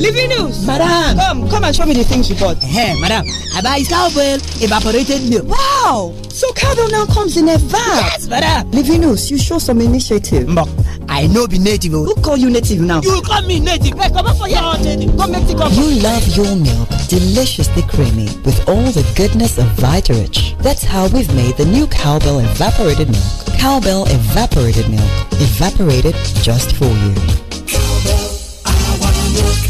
Speaker 15: Living Madam. Come,
Speaker 11: come and show me the things you bought. Hey, madam. I buy cowbell, evaporated milk. Wow. So cowbell now comes in a van. Yes, madam. Living you show some initiative. Mbok, I know be native. Oh. Who call you native now? You
Speaker 8: call me native. Hey, come up for your native. Come make the coffee. You
Speaker 11: love your milk deliciously creamy with all the goodness of Vitarich. That's how we've made the new cowbell evaporated milk. Cowbell evaporated milk. Evaporated just for you. Cowbell, I want milk.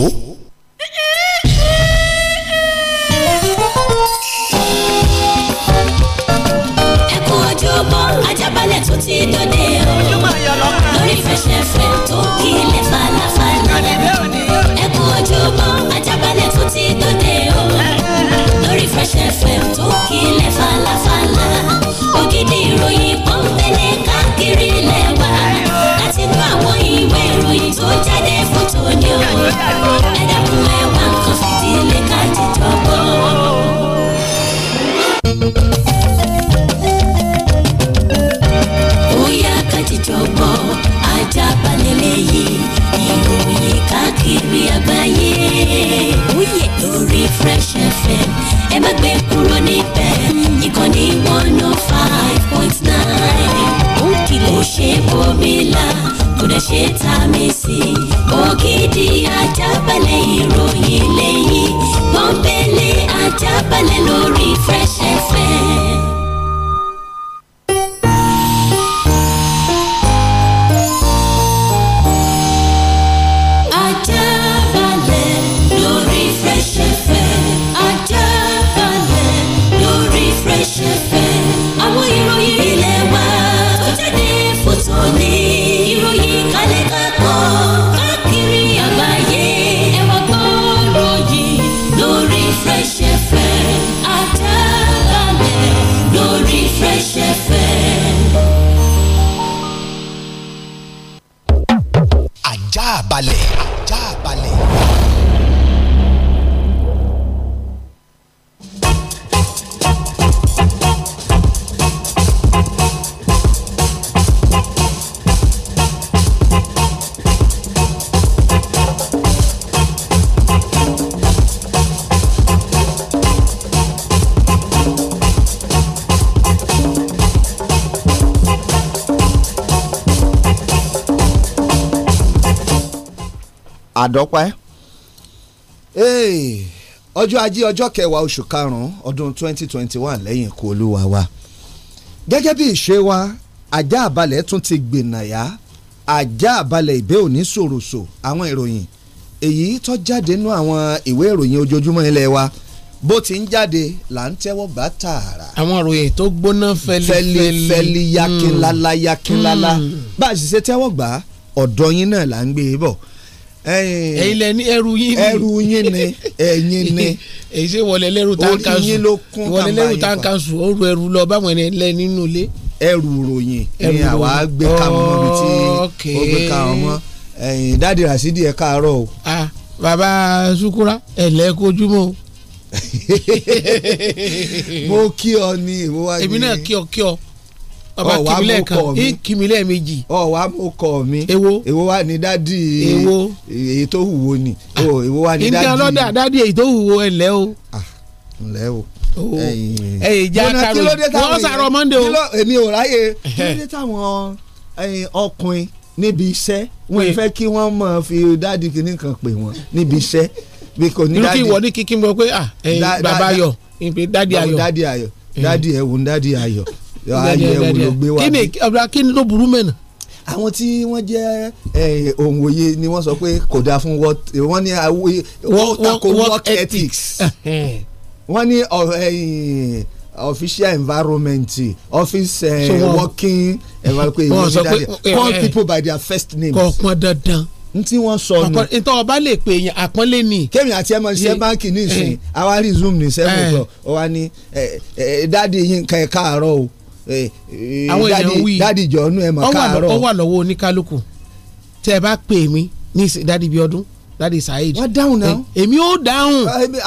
Speaker 8: wo
Speaker 10: àdọ́pẹ́. ọjọ́ ajé ọjọ́ kẹwàá oṣù karùn-ún ọdún 2021 lẹ́yìn ikú olúwa wa gẹ́gẹ́ bí ìṣe wa ajá àbálẹ̀ tún ti gbìnàyà ajá àbálẹ̀ ìbé òní sòròsò àwọn ìròyìn èyí tó jáde nú àwọn ìwé ìròyìn ojoojúmọ́ ilé wa bó ti ń jáde là ń tẹ́wọ́ gbà tààrà. àwọn ìròyìn tó gbóná fẹlifẹli fẹlifẹli yakinlala hmm. yakinlala hmm. bá a sì ṣe tẹ́wọ́ gbà ọ̀dọ̀ yín náà là ń gbé e bọ̀ ẹ̀yin ní ẹrù yín ni ẹrù yín ni ẹ̀yin ni èyí ṣe wọlé lẹ́rù tán kanṣu wọlé lẹ́rù tán kanṣu ó ru ẹrù lọ báwọn ẹni lẹ nínú ilé. ẹrù ròyìn ni àwa gbé káwọn mọ ibi tí ó gbé káwọn mọ ẹ̀yin dáàdi Rasidi ẹ káàárọ̀ o. bàbá Sukura ẹ lẹ́ẹ̀kojúmọ́ mo kí ọ ní ìwọ́wá yìí èmi náà kí ọ kí ọ ọba kìmílẹ̀ kan kìmílẹ̀ méjì. ọ wàá mú kọ mi. èwo èwo wa ni dádì. èwo èyí tó wúwo ni. o ah. èwo wa ni dádì. ìdí ọlọ́dà dádì èyí tó wúwo ẹ lẹ́ o. ǹlẹ́ o. ẹyìn ìjà karo wọ́n sàrọ̀ mọ́ndé o. èmi ò ráyè kí ló dé táwọn ọkùnrin níbi iṣẹ́ wọ́n fẹ́ kí wọ́n mọ̀ fi dádì kìíní kan pè wọ́n níbi iṣẹ́ bí kò ní dádì. irú kí wọ́n ní kíkí mọ̀ pé ah, bàbá ayọ̀ dádì ayọ̀ dádì ayọ̀ dádì ẹ̀wù dádì ayọ̀ àyẹ̀wò ló gbé wá. kí ni burú mẹ́nà àwọn tí wọ́n jẹ́ ohun òye ni wọ́n sọ pé kò dáa fún wọ́n ní tako work ethics wọ́n ní official environment office uh, working environment call people by their first name. kò pọn dandan n tí wọ́n sọ nù. ìtọ́ ọba lè pè yàn àpọ́nlé ni. kémi àti ẹmọ ṣiṣẹ́ báńkì ní ìsìn àwa eh. rí zoom ní sẹ́wọ̀n eh. kan ó wá dáàdi yín kẹ́ káàárọ̀ o àwọn èèyàn wí dádì jọ̀ọ́nù ẹ̀ mọ̀ káàárọ̀ ó wà lọ́wọ́ oníkálukú tẹ́ ẹ bá pè mí ní dádì bíi ọdún dádì saheed. wọ́n dáhùn náà. èmi ó dáhùn.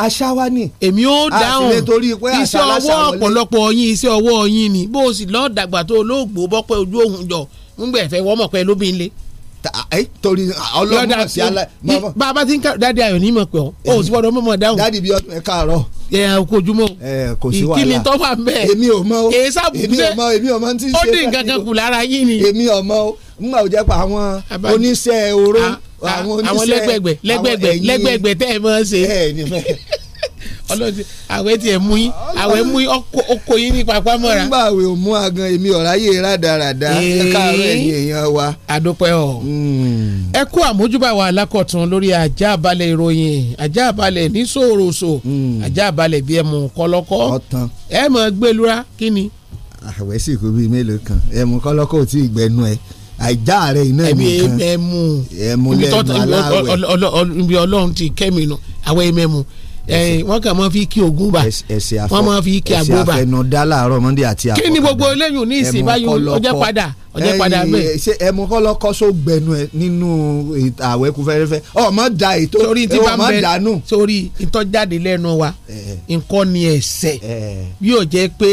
Speaker 10: àṣà wa ni. èmi ó dáhùn. àtìlẹ́ torí pé àṣà aláṣà wọlé. iṣẹ́ ọwọ́ ọ̀pọ̀lọpọ̀ yín iṣẹ́ ọwọ́ yín ni bó o sì lọ́ọ́ dàgbà tó olóògbò bọ́pẹ́ ojú òun jọ ńgbẹ̀fẹ́ wọ́mọ̀pẹ́ lóbi ńlẹ̀ Eh, torí ọlọ́run àti alá. Eh, bàbá ti ń ká dáadé ayọ̀ ní ìmọ̀ pẹ̀ ọ́ ò sí gbọ́dọ̀ mọ̀mọ́ dáhùn. dáàdi bí ọdún ẹ káàárọ̀. ẹ kò jùmọ̀ o ìkíni tó wà mẹ́. èmi ò mọ̀ o èmi ò mọ̀ èmi ò mọ̀ ti ṣe. ó dín nǹkan kan kù lára yín ni. èmi ò mọ̀ o nígbà tó jẹ́ pé àwọn oníṣẹ́ oró àwọn oníṣẹ́ àwọn lẹ́gbẹ̀gbẹ̀ lẹ́gbẹ̀gbẹ̀ tẹ́ ẹ mọ̀ ṣe ọlọ́run ti àwẹ̀ tiẹ̀ mú yín àwẹ̀ mú yín ọkọ yín ní papá mọ́ra. nígbà àwẹ̀ ò mú agan èmi ọ̀ráyè rádaràda ẹ káàárọ̀ ẹ̀yin èèyàn wa. àdópẹ́ ọ̀ hmm. ẹ kú àmójúbà wa alákọ̀tún lórí ajá balẹ̀ ìròyìn ajá balẹ̀ níṣòroṣò hmm. ajá balẹ̀ bí ẹ mú kọ́lọ́kọ́ ẹ mọ̀ gbẹlura kí ni. àwẹ̀ sì kú bíi mélòó kan ẹ mú kọ́lọ́kọ́ ò tí ì gbẹnu rẹ iná mi kan ẹmu ẹmu lẹnu aláwẹ ibi Ọlọ́run ti kẹmi nu àwọn ẹmẹmu wọ́n kàn máa fi kí ogun bá wọ́n máa fi kí àgbo bá ẹsẹ̀ àfẹnudá láàárọ̀ mọ́ndé àti àkọ́kọ́ kí ni gbogbo eléyìí ní ìsìn báyìí ọjọ́ padà ọjọ́ padà bẹ́ẹ̀. ṣé ẹmu kọ́lọ́kọ́ só gbẹnu ẹ nínú àwẹ̀ kú fẹ́rẹ́fẹ́ ọmọ da ètò ọmọ dànù. sórí ìtọ́jáde lẹ́nu wa nǹkan ni ẹ̀sẹ̀ yóò jẹ́ pé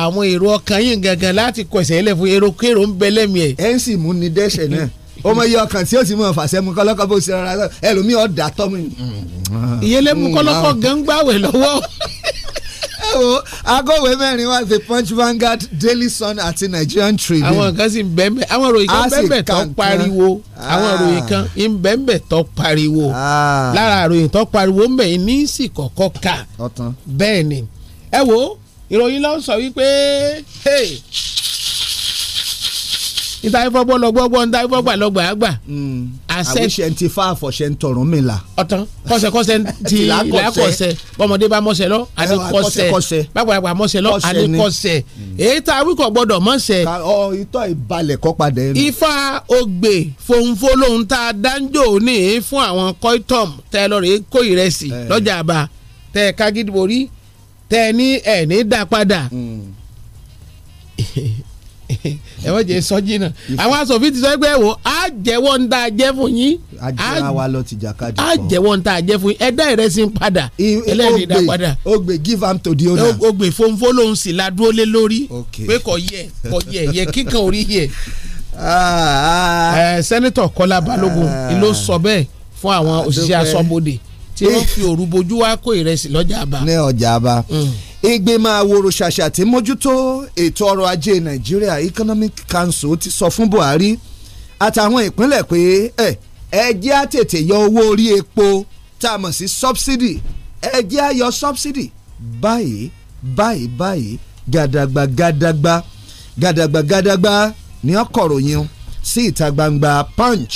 Speaker 10: àwọn èrò ọkàn yìí gangan láti kọ̀ẹ̀sẹ̀ lẹ̀ fún èrò kérò ń bẹ lẹ́mìí ẹ̀. ẹ̀ ń sì mú ni dẹ́sẹ̀ náà ọmọ iye ọkàn tí ó ti mọ fàṣẹmu kọlọkọ bó ṣe rárá ẹlòmíì ọ̀dà tọ́mù.
Speaker 1: ìyẹlẹ́mu mm, kọlọ́kọ́
Speaker 10: gẹ́ngbàwẹ̀ lọ́wọ́. ẹ wo agọ́wé mẹ́rin wá the punch Vanguard Daily Sun àti Nigerian Tribune. àwọn kan sì ń bẹ́ẹ̀ àwọn ìròyìn kan bẹ́ẹ̀ ah. tó pariwo àwọn ah. ìròyìn kan ń bẹ́ẹ̀ tó pariwo lára ìròyìn tó pariwo mẹ́ ní sì kọ̀kọ́ ká bẹ́ẹ̀ ni ẹ wo ìròyìn ló sọ wípé ntàyẹ́fọ́gbọ́ lọ́gbọ́gbọ́ ntàyẹ́fọ́gbà lọ́gbà àgbà. Hmm. àwíṣẹ́ ti fa àfọ̀ṣẹ́ ń tọrùn mi la. ọ̀tán kọ́sẹ̀kọ́sẹ̀ ti làákọ̀ọ́sẹ̀ bọ́mọdé bá mọ̀ṣẹ̀ lọ àníkọ́sẹ̀ bàgbàgbà mọ̀ṣẹ̀ lọ àníkọ́sẹ̀ èyí tá a wíkọ̀ gbọ́dọ̀ mọ̀ṣẹ̀. ìtọ́ ìbalẹ̀ kọ́ padà ẹnu. ifá ogbè fòǹfò lòun tá a dánjò ní fún àwọn kọ́ítọ̀m tẹ́ lọ rèé kó ìrẹsì eh. lọ́jà ẹ wọ́n jẹ́ sọ́jì náà àwọn asòfin ti sọ pé ẹ wò á jẹ́wọ́ ń tá a jẹ́ fún yín á jẹ́wọ́ ń tá a jẹ́ fún yín ẹ dá ìrẹsì ń padà ẹlẹ́rìí dá padà ogbe give am to the owner ogbe fomfó lòun sì la dúró lé lórí pé kò yẹ kò yẹ yẹ kíkan orí yẹ. sẹ́nitọ̀ Kọ́lá Balógun ló sọ bẹ́ẹ̀ fún àwọn òṣìṣẹ́ aṣọ́bodè tí wọ́n fi òru bojú wá kó ìrẹsì lọ́jà àbá. ní ọjà àbá. Mm ìgbìmọ̀ àwòrò ṣàṣà tí mójútó ètò ọrọ̀ ajé nàìjíríà economic council ti sọ fún buhari àtàwọn ìpínlẹ̀ pé ẹ ẹ jẹ́ á tètè yọ owó orí epo tá a mọ̀ sí subsidy ẹ jẹ́ á yọ subsidy báyìí báyìí báyìí gàdàgbà gàdàgbà gàdàgbà gàdàgbà ni ó kọ̀ròyìn sí ìta gbangba punch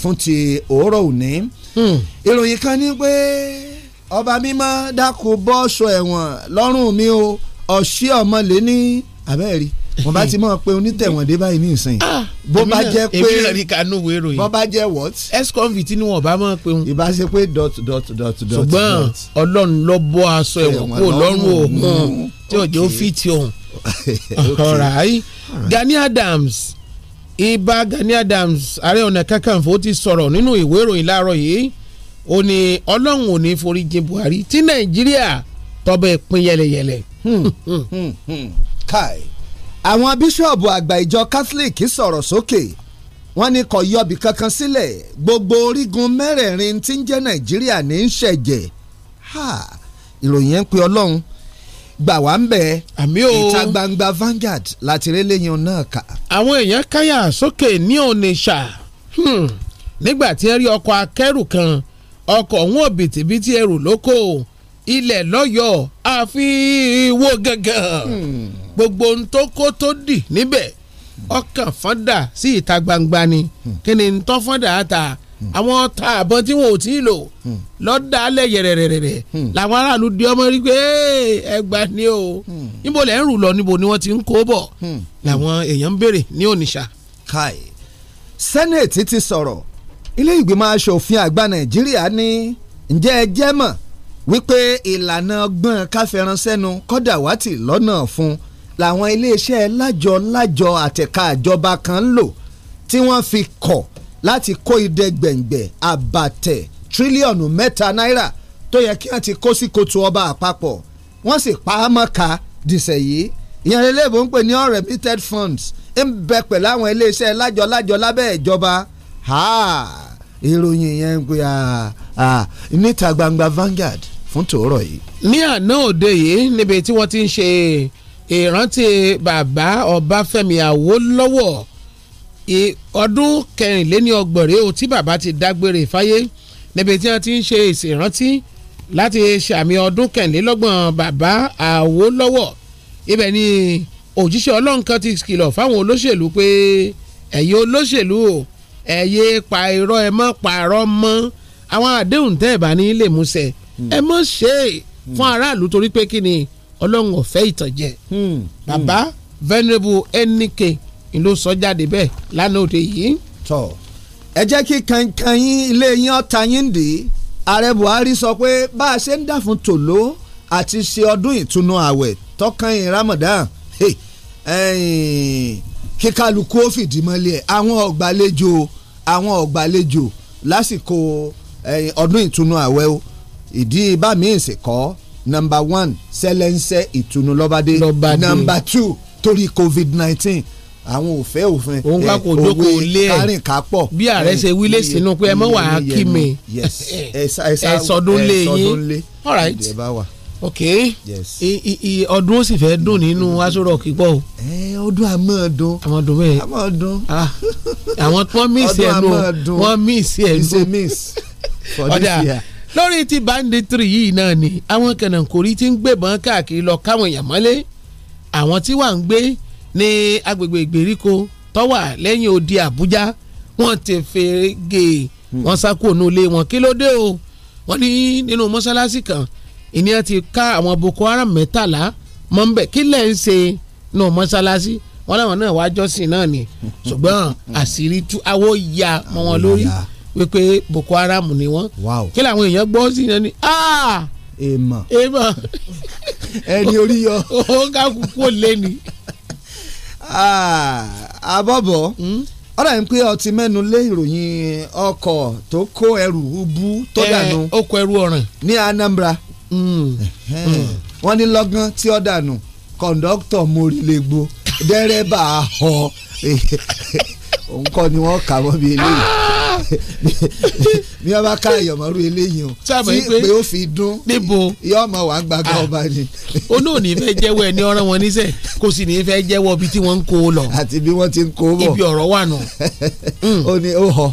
Speaker 10: fún ti òórọ̀ òní hmm. ìròyìn kan ní pé ọba mímọ́ dákò bọ́ọ̀ṣọ ẹ̀wọ̀n lọ́rùn mi o ọ̀ṣì ọmọlé ní abẹ́rẹ́ wọ́n bá ti mọ̀ pé onítẹ̀wọ̀n dé báyìí ní ìsìn ah, bó bá jẹ́ pé èmi náà rí kanú wo ìròyìn bó bá jẹ́ what. ex-convict ni wọn bá mọ̀ pé wọn. ìbá ṣe pé dot dot dot dot. ṣùgbọ́n ọlọ́run lọ bọ́ aṣọ ẹ̀wọ̀n kó lọ́rùn òun tí òjò fìtì òun. alright Gani Adams ibà Gani Adams Ààrẹ Ọ̀nà Kakanfò ti sọ̀rọ̀ nínú ìwé ìròyìn láàárọ̀ yìí ó ní ọlọ́run ò ní forí jìn Buhari tí Nàìjíríà tọ́bẹ̀ pín yẹlẹyẹlẹ. Hmm, hmm, hmm, kai àwọn bíṣọ̀bù àgbà ìjọ Catholic sọ̀rọ̀ sókè wọ́n ní kò yọbì kankan sílẹ̀ gbogbo orígun mẹ́rẹ̀ẹ̀rin tí ń jẹ́ Nàìjíríà ní í ṣẹ̀jẹ̀ ìròyìn yẹn ń pe ọlọ́run gbà wá ń bẹ̀ ìta gbangba Vanguard láti rí lẹ́yìn náà kà. àwọn èèyàn káyà sókè ní Onitsha nígbà tí wọ́n rí ọkọ̀ akẹ́rù kan ọkọ̀ wọn bìtìbìtì ẹrù lóko ilẹ̀ lọ́yọ̀ọ́ àfi wo gangan gbogbo ohun tó kó tó dì níbẹ̀ ọkàn fọ́ndà sí ìta gbangba ni kí ni tó fọ́ndà ta àwọn ọta àbọ̀n tí wọn ò tí ì lò lọ́dà alẹ́ yẹ̀rẹ̀rẹ̀rẹ̀ làwọn aráàlú di ọmọ rí pé ẹgbà ni o níbo lẹ́ ń rù lọ níbo ni wọ́n ti ń kó bọ̀ làwọn èèyàn ń béèrè ní ònìṣà. kai senate ti sọ̀rọ̀ ilé ìgbìmọ̀ asòfin àgbà nàìjíríà ní ǹjẹ́ ẹ jẹ́ mọ̀ wípé ìlànà gbọ́n káfẹ́ransẹ́nu kọ́dà wá tì lọ́nà fún làwọn iléeṣẹ́ lájọ lájọ àtẹ̀ka àjọba kan lò tí wọ́n fi kọ̀ láti kó idẹ gbẹ̀ngbẹ̀ àbàtẹ̀ tírílíọ̀nù mẹ́ta náírà tó yẹ kí wọ́n ti kó sí kòtò ọba àpapọ̀ wọ́n sì pa á mọ́ ka dìṣẹ̀ yìí ìyẹn lélẹ́bùn ń pè ní unremitted funds ń bẹ pẹ̀lú àwọn iléeṣẹ́ lájọ lájọ lábẹ́ ìjọba ìròyìn yẹn pé níta gbangba Vanguard fún tòórọ̀ yìí. ní àná òde yìí níbi tí wọ́n ti ń ṣe ìrántí bàbá Ọbáfẹ́mi Awólọ́wọ̀ ọdún kẹrìnléníọgbọ̀n rèé o tí bàbá ti dágbére fáyé níbi tí wọ́n ti ń ṣe ìrántí láti ṣàmì ọdún kẹrìnlélọ́gbọ̀n bàbá Awólọ́wọ̀ ibẹ̀ ni òjíṣẹ́ ọlọ́run kan ti kìlọ̀ fáwọn olóṣèlú pé ẹ̀yin olóṣèlú o ẹ yé pa irọ́ ẹ mọ́ pààrọ̀ mọ́ àwọn àdéhùn tẹ́ ẹ̀ bá ní lè múṣẹ hmm. ẹ mọ́ ṣe é fún hmm. aráàlú torí pé kí ni ọlọ́run ọ̀fẹ́ ìtànjẹ hmm. bàbá venerable ẹnìkè ni ló sọ jáde bẹ́ẹ̀ lánàá òde yìí. tọ ẹ jẹ́ kí kankan yín ilé yín ọ̀tá yín dì í ààrẹ buhari sọ pé bá a ṣe ń dà fún tòló àti ṣe ọdún ìtúnu ààwẹ̀ tọkàn yín kí kálukú ó fìdí mọ́lẹ̀ ẹ̀ àwọn ọ̀gbàlejò àwọn ọ̀gbàlejò lásìkò ọdún ìtúnu àwẹ̀ o ìdí bá mi ń sèkọ́ nọmba one sẹlẹ́nsẹ́ ìtúnu lọ́bàdé nọmba two torí covid nineteen àwọn òfẹ́ òfin òun ká kò dókòó lé ẹ̀ kárìn ká pọ̀ bí ààrẹ ṣe wílé sínú pé ẹ mọ̀ wá kí mi ẹ sọdún lé yín all right ok ọdún ó sì fẹ́ dùn nínú mm-hmm. aṣọ rock pọ̀ o. ọdún àmọ́ dùn àmọ́ dùn bẹ́ẹ̀ àmọ́ dùn. Ah, àwọn wọ́n miss ẹnu wọ́n miss ẹnu. it's a miss for this year. lórí ti banditry yìí náà ni àwọn kànáńkórí ti ń gbébọn káàkiri lọ káwọn èèyàn mọ́lé àwọn tí wàá ń gbé ní agbègbè ìgbèríko tó wà lẹ́yìn odi Àbújá wọ́n ti fèrè gèè hmm. wọ́n sá kúrò nílé wọn kí ló dé o wọ́n ní nínú mọ́ṣáláṣí kan ìníyàn ti ká àwọn Boko Haram mẹ́tàlá mọ́ ń bẹ̀ kí lẹ́ ń ṣe nù mọ́ṣáláṣí wọn làwọn náà wá jọ́sìn náà ni ṣùgbọ́n àṣírí tú awó ya mọ́ wọn lórí wípé Boko Haram ni wọ́n kí làwọn èèyàn gbọ́ sí náà ni ah! èèmọ̀ èèmọ̀ ẹni orí yọ ó kákúkú lé ni. àbọ̀bọ̀ ọ̀rọ̀ yẹn pé ọtí mẹ́nu lé ìròyìn ọkọ̀ tó kó ẹrù ubú tó eh, dànù ọkọ̀ ẹrù ọ̀ràn ní Anambra wọ́n ní lọ́gán tí ó dànù kọ̀ǹdọ́tọ̀ mórílégbó dẹ́rẹ́bà họ òun kọ́ ni wọ́n kà wọ́n bí eléyìí bí wọ́n bá ká ìyọ̀mọ́rú eléyìí o tí pé ó fi dún yọ ọmọ wàá gbàgbà ah. ọba ni. olóòní fẹ́ jẹ́wọ́ ẹni ọ̀ràn wọn níṣẹ́ kò sì ní fẹ́ jẹ́wọ́ ibi tí wọ́n ń kó o lọ. àti bí wọ́n ti ń kó o bọ̀ ibi ọ̀rọ̀ wà nù. ó ní ó họ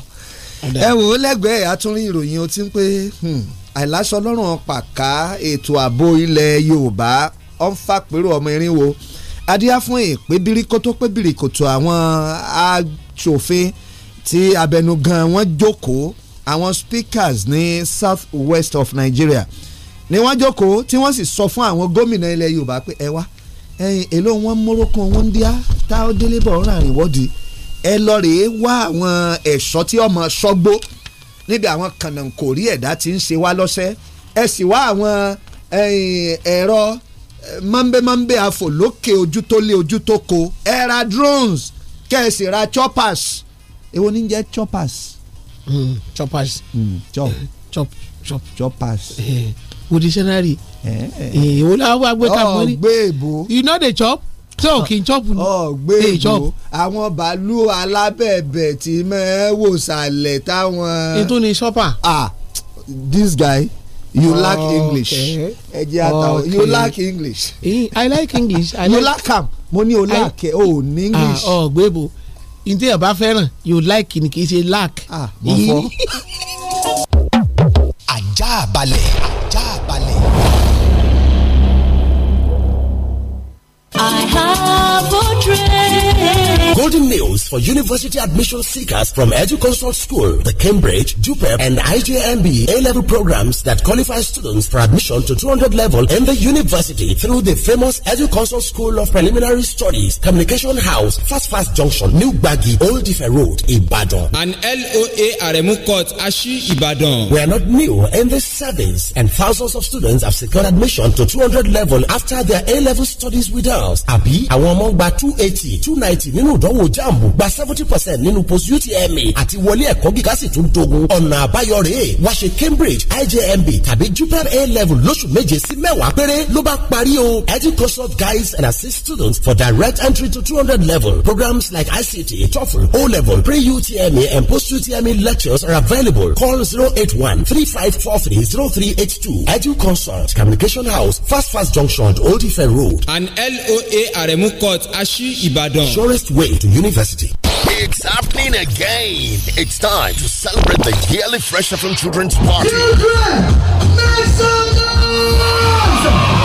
Speaker 10: ẹ wò ó lẹ́gbẹ̀ẹ́ àtúnrí ìròyìn o ti ń pé. Hmm, àìláṣọ lọ́rùn pàká ètò ààbò ilẹ̀ Yorùbá ọ̀n fàpérò ọmọ irinwó adíá fún ìpébírí kótó pébírí kòtò àwọn aṣòfin tí abẹnugan wọn jókòó àwọn speakers ní south west of Nigeria ni wọ́n jókòó tí wọ́n sì sọ fún àwọn gómìnà ilẹ̀ Yorùbá pé ẹ wá ẹyin èló wọn mórókun wọn ń díá tá ó délé bọ̀ ọ́n rà rìn wọ́ọ̀dì ẹ lọ rèé wá àwọn ẹ̀ṣọ́ tí ọmọ ṣọ́gbó níbi àwọn kànáńkòrí ẹ̀dá tí ń ṣe wá lọ́sẹ̀ ẹ sì wá àwọn ẹ̀rọ mọ́nbẹ́mọ́nbẹ́ àfòlókè ojú tó lé ojú tó ko ẹ ra drones kẹ́ẹ̀sì ra choppers ewo ní jẹ́ choppers. Hmm, choppers. Hmm, chop chop choppers. wò di sẹ́nárì èwo la wá gbé ọ̀ gbé èbó. you no dey chop. tí ò kì í chọ́ọ̀pù ni. ọ̀gbẹ́ oh, ìgbò àwọn bàálù alábẹ̀bẹ̀ tí mẹ́ẹ́ wò sàlẹ̀ táwọn. ètò ni ṣọ́pà. ah this guy you oh, lack english ẹ jẹ́ àtàwọn you lack english. Eh, i like english. I you like... lack am mo ní o lack ẹ o ní ah, english. ọ̀gbẹ́ oh, ìgbò ntí ẹ̀ bá fẹ́ràn you like ni kì í ṣe lack. ah
Speaker 8: mo fọ́. ajá balẹ̀ ajá balẹ̀.
Speaker 6: Golden news for university admission seekers from EduConsult School, the Cambridge, DUPEP, and IJMB A-level programs that qualify students for admission to 200 level in the university through the famous EduConsult School of Preliminary Studies, Communication House, Fast Fast Junction, New Baggy, Old Ife Road, Ibadan.
Speaker 16: And LOA Court, Ashi, Ibadan.
Speaker 6: We are not new in this service, and thousands of students have secured admission to 200 level after their A-level studies with us. Abi, àwọn ọmọ 280, 290 nínú ìdánwò jambu gba seventy percent nínú post utme àti wọlé ẹ̀kọ́ gíga sì tún dogun ọ̀nà àbáyọ wá ṣe cambridge ijmb tàbí jupiter a level lóṣù méje sí mẹ́wàá péré ló bá parí o educosop guides and assist students for direct entry to two hundred level programs like ict toefl o level pre-utme and post-utme lectures are available call zero eight one three five four three zero three eight two edu communication house fast fast junction old ife road. and
Speaker 16: loa aremu court
Speaker 6: ashi ibadan. surest way to university.
Speaker 13: It's happening again. It's time to celebrate the yearly Fresh from Children's Party. Children, make some noise!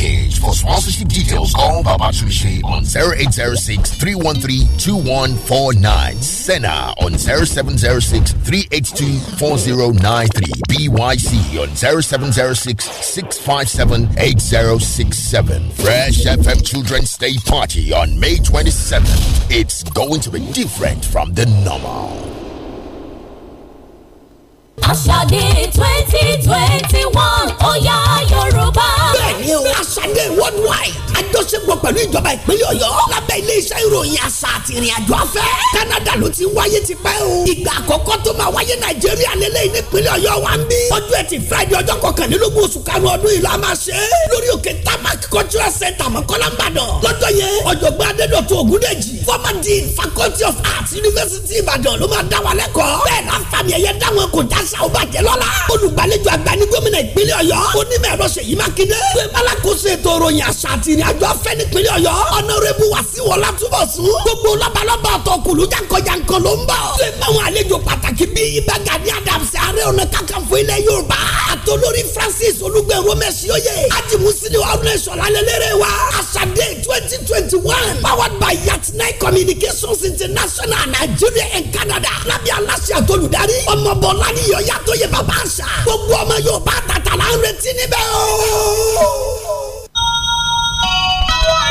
Speaker 13: package. For sponsorship details, call Baba Chumishe on 0806 313 2149. Senna on 0706 382 4093. BYC on 0706 657 8067. Fresh FM Children's Day Party on May 27th. It's going to be different from the normal.
Speaker 8: àṣàdì twenty twenty one ó yá yorùbá. bẹ́ẹ̀ni o àṣàdì worldwide àjọṣepọ̀ pẹ̀lú ìjọba ìpínlẹ̀ ọ̀yọ́ lábẹ́ iléeṣẹ́ ìròyìn àṣà àti ìrìn àjò afẹ́. Canada ló ti wáyé ti pẹ́ o. ìgbà àkọ́kọ́ tó máa wáyé nàìjíríà lélẹ́yìn nípínlẹ̀ ọ̀yọ́ wa ń bí. ọjọ́ ẹtì friday ọjọ́ kọkànlélógún oṣù karùn-ún ọdún yìí la máa ṣe é. lórí òkè tamak cultural center mọ̀kọ́lá ń bàdàn. lọ́jọ́ yẹn ọ̀jọ̀gbọ́n adédọ̀tun ògúndèjì former dean faculty of arts university ìbàdàn ló máa dá wa lẹ́kọ̀ọ́. bẹ́ẹ̀ àṣà ò bàjẹ́ lọ́la. olùgbàlejò àgbà ni gómìnà ìpínlẹ̀ ọ̀yọ́. onímọ̀ ẹ̀rọ ṣèyí mákindé. pé alákòóso ètò òròyìn àṣà àti ìrìn afẹ́ nípínlẹ̀ ọ̀yọ́. ọ̀nàrẹ́bù wàsíwọ̀ látúbọ̀sùn. gbogbo labalábà ọ̀tọ̀ kùlú jankanjankan ló ń bọ̀. pé báwọn àlejò pàtàkì bíi Ìbà Adams ààrẹ ọ̀nà kakanfò ilẹ̀ yorùbá. powered by Yatnai communications international Nigeria and Canada. lábẹ́ aláṣẹ àtolùdarí ọmọbọ̀lá níyọ yá tó yẹ bàbá àṣà gbogbo ọmọ Yorùbá tàtà là ń retí níbẹ̀ o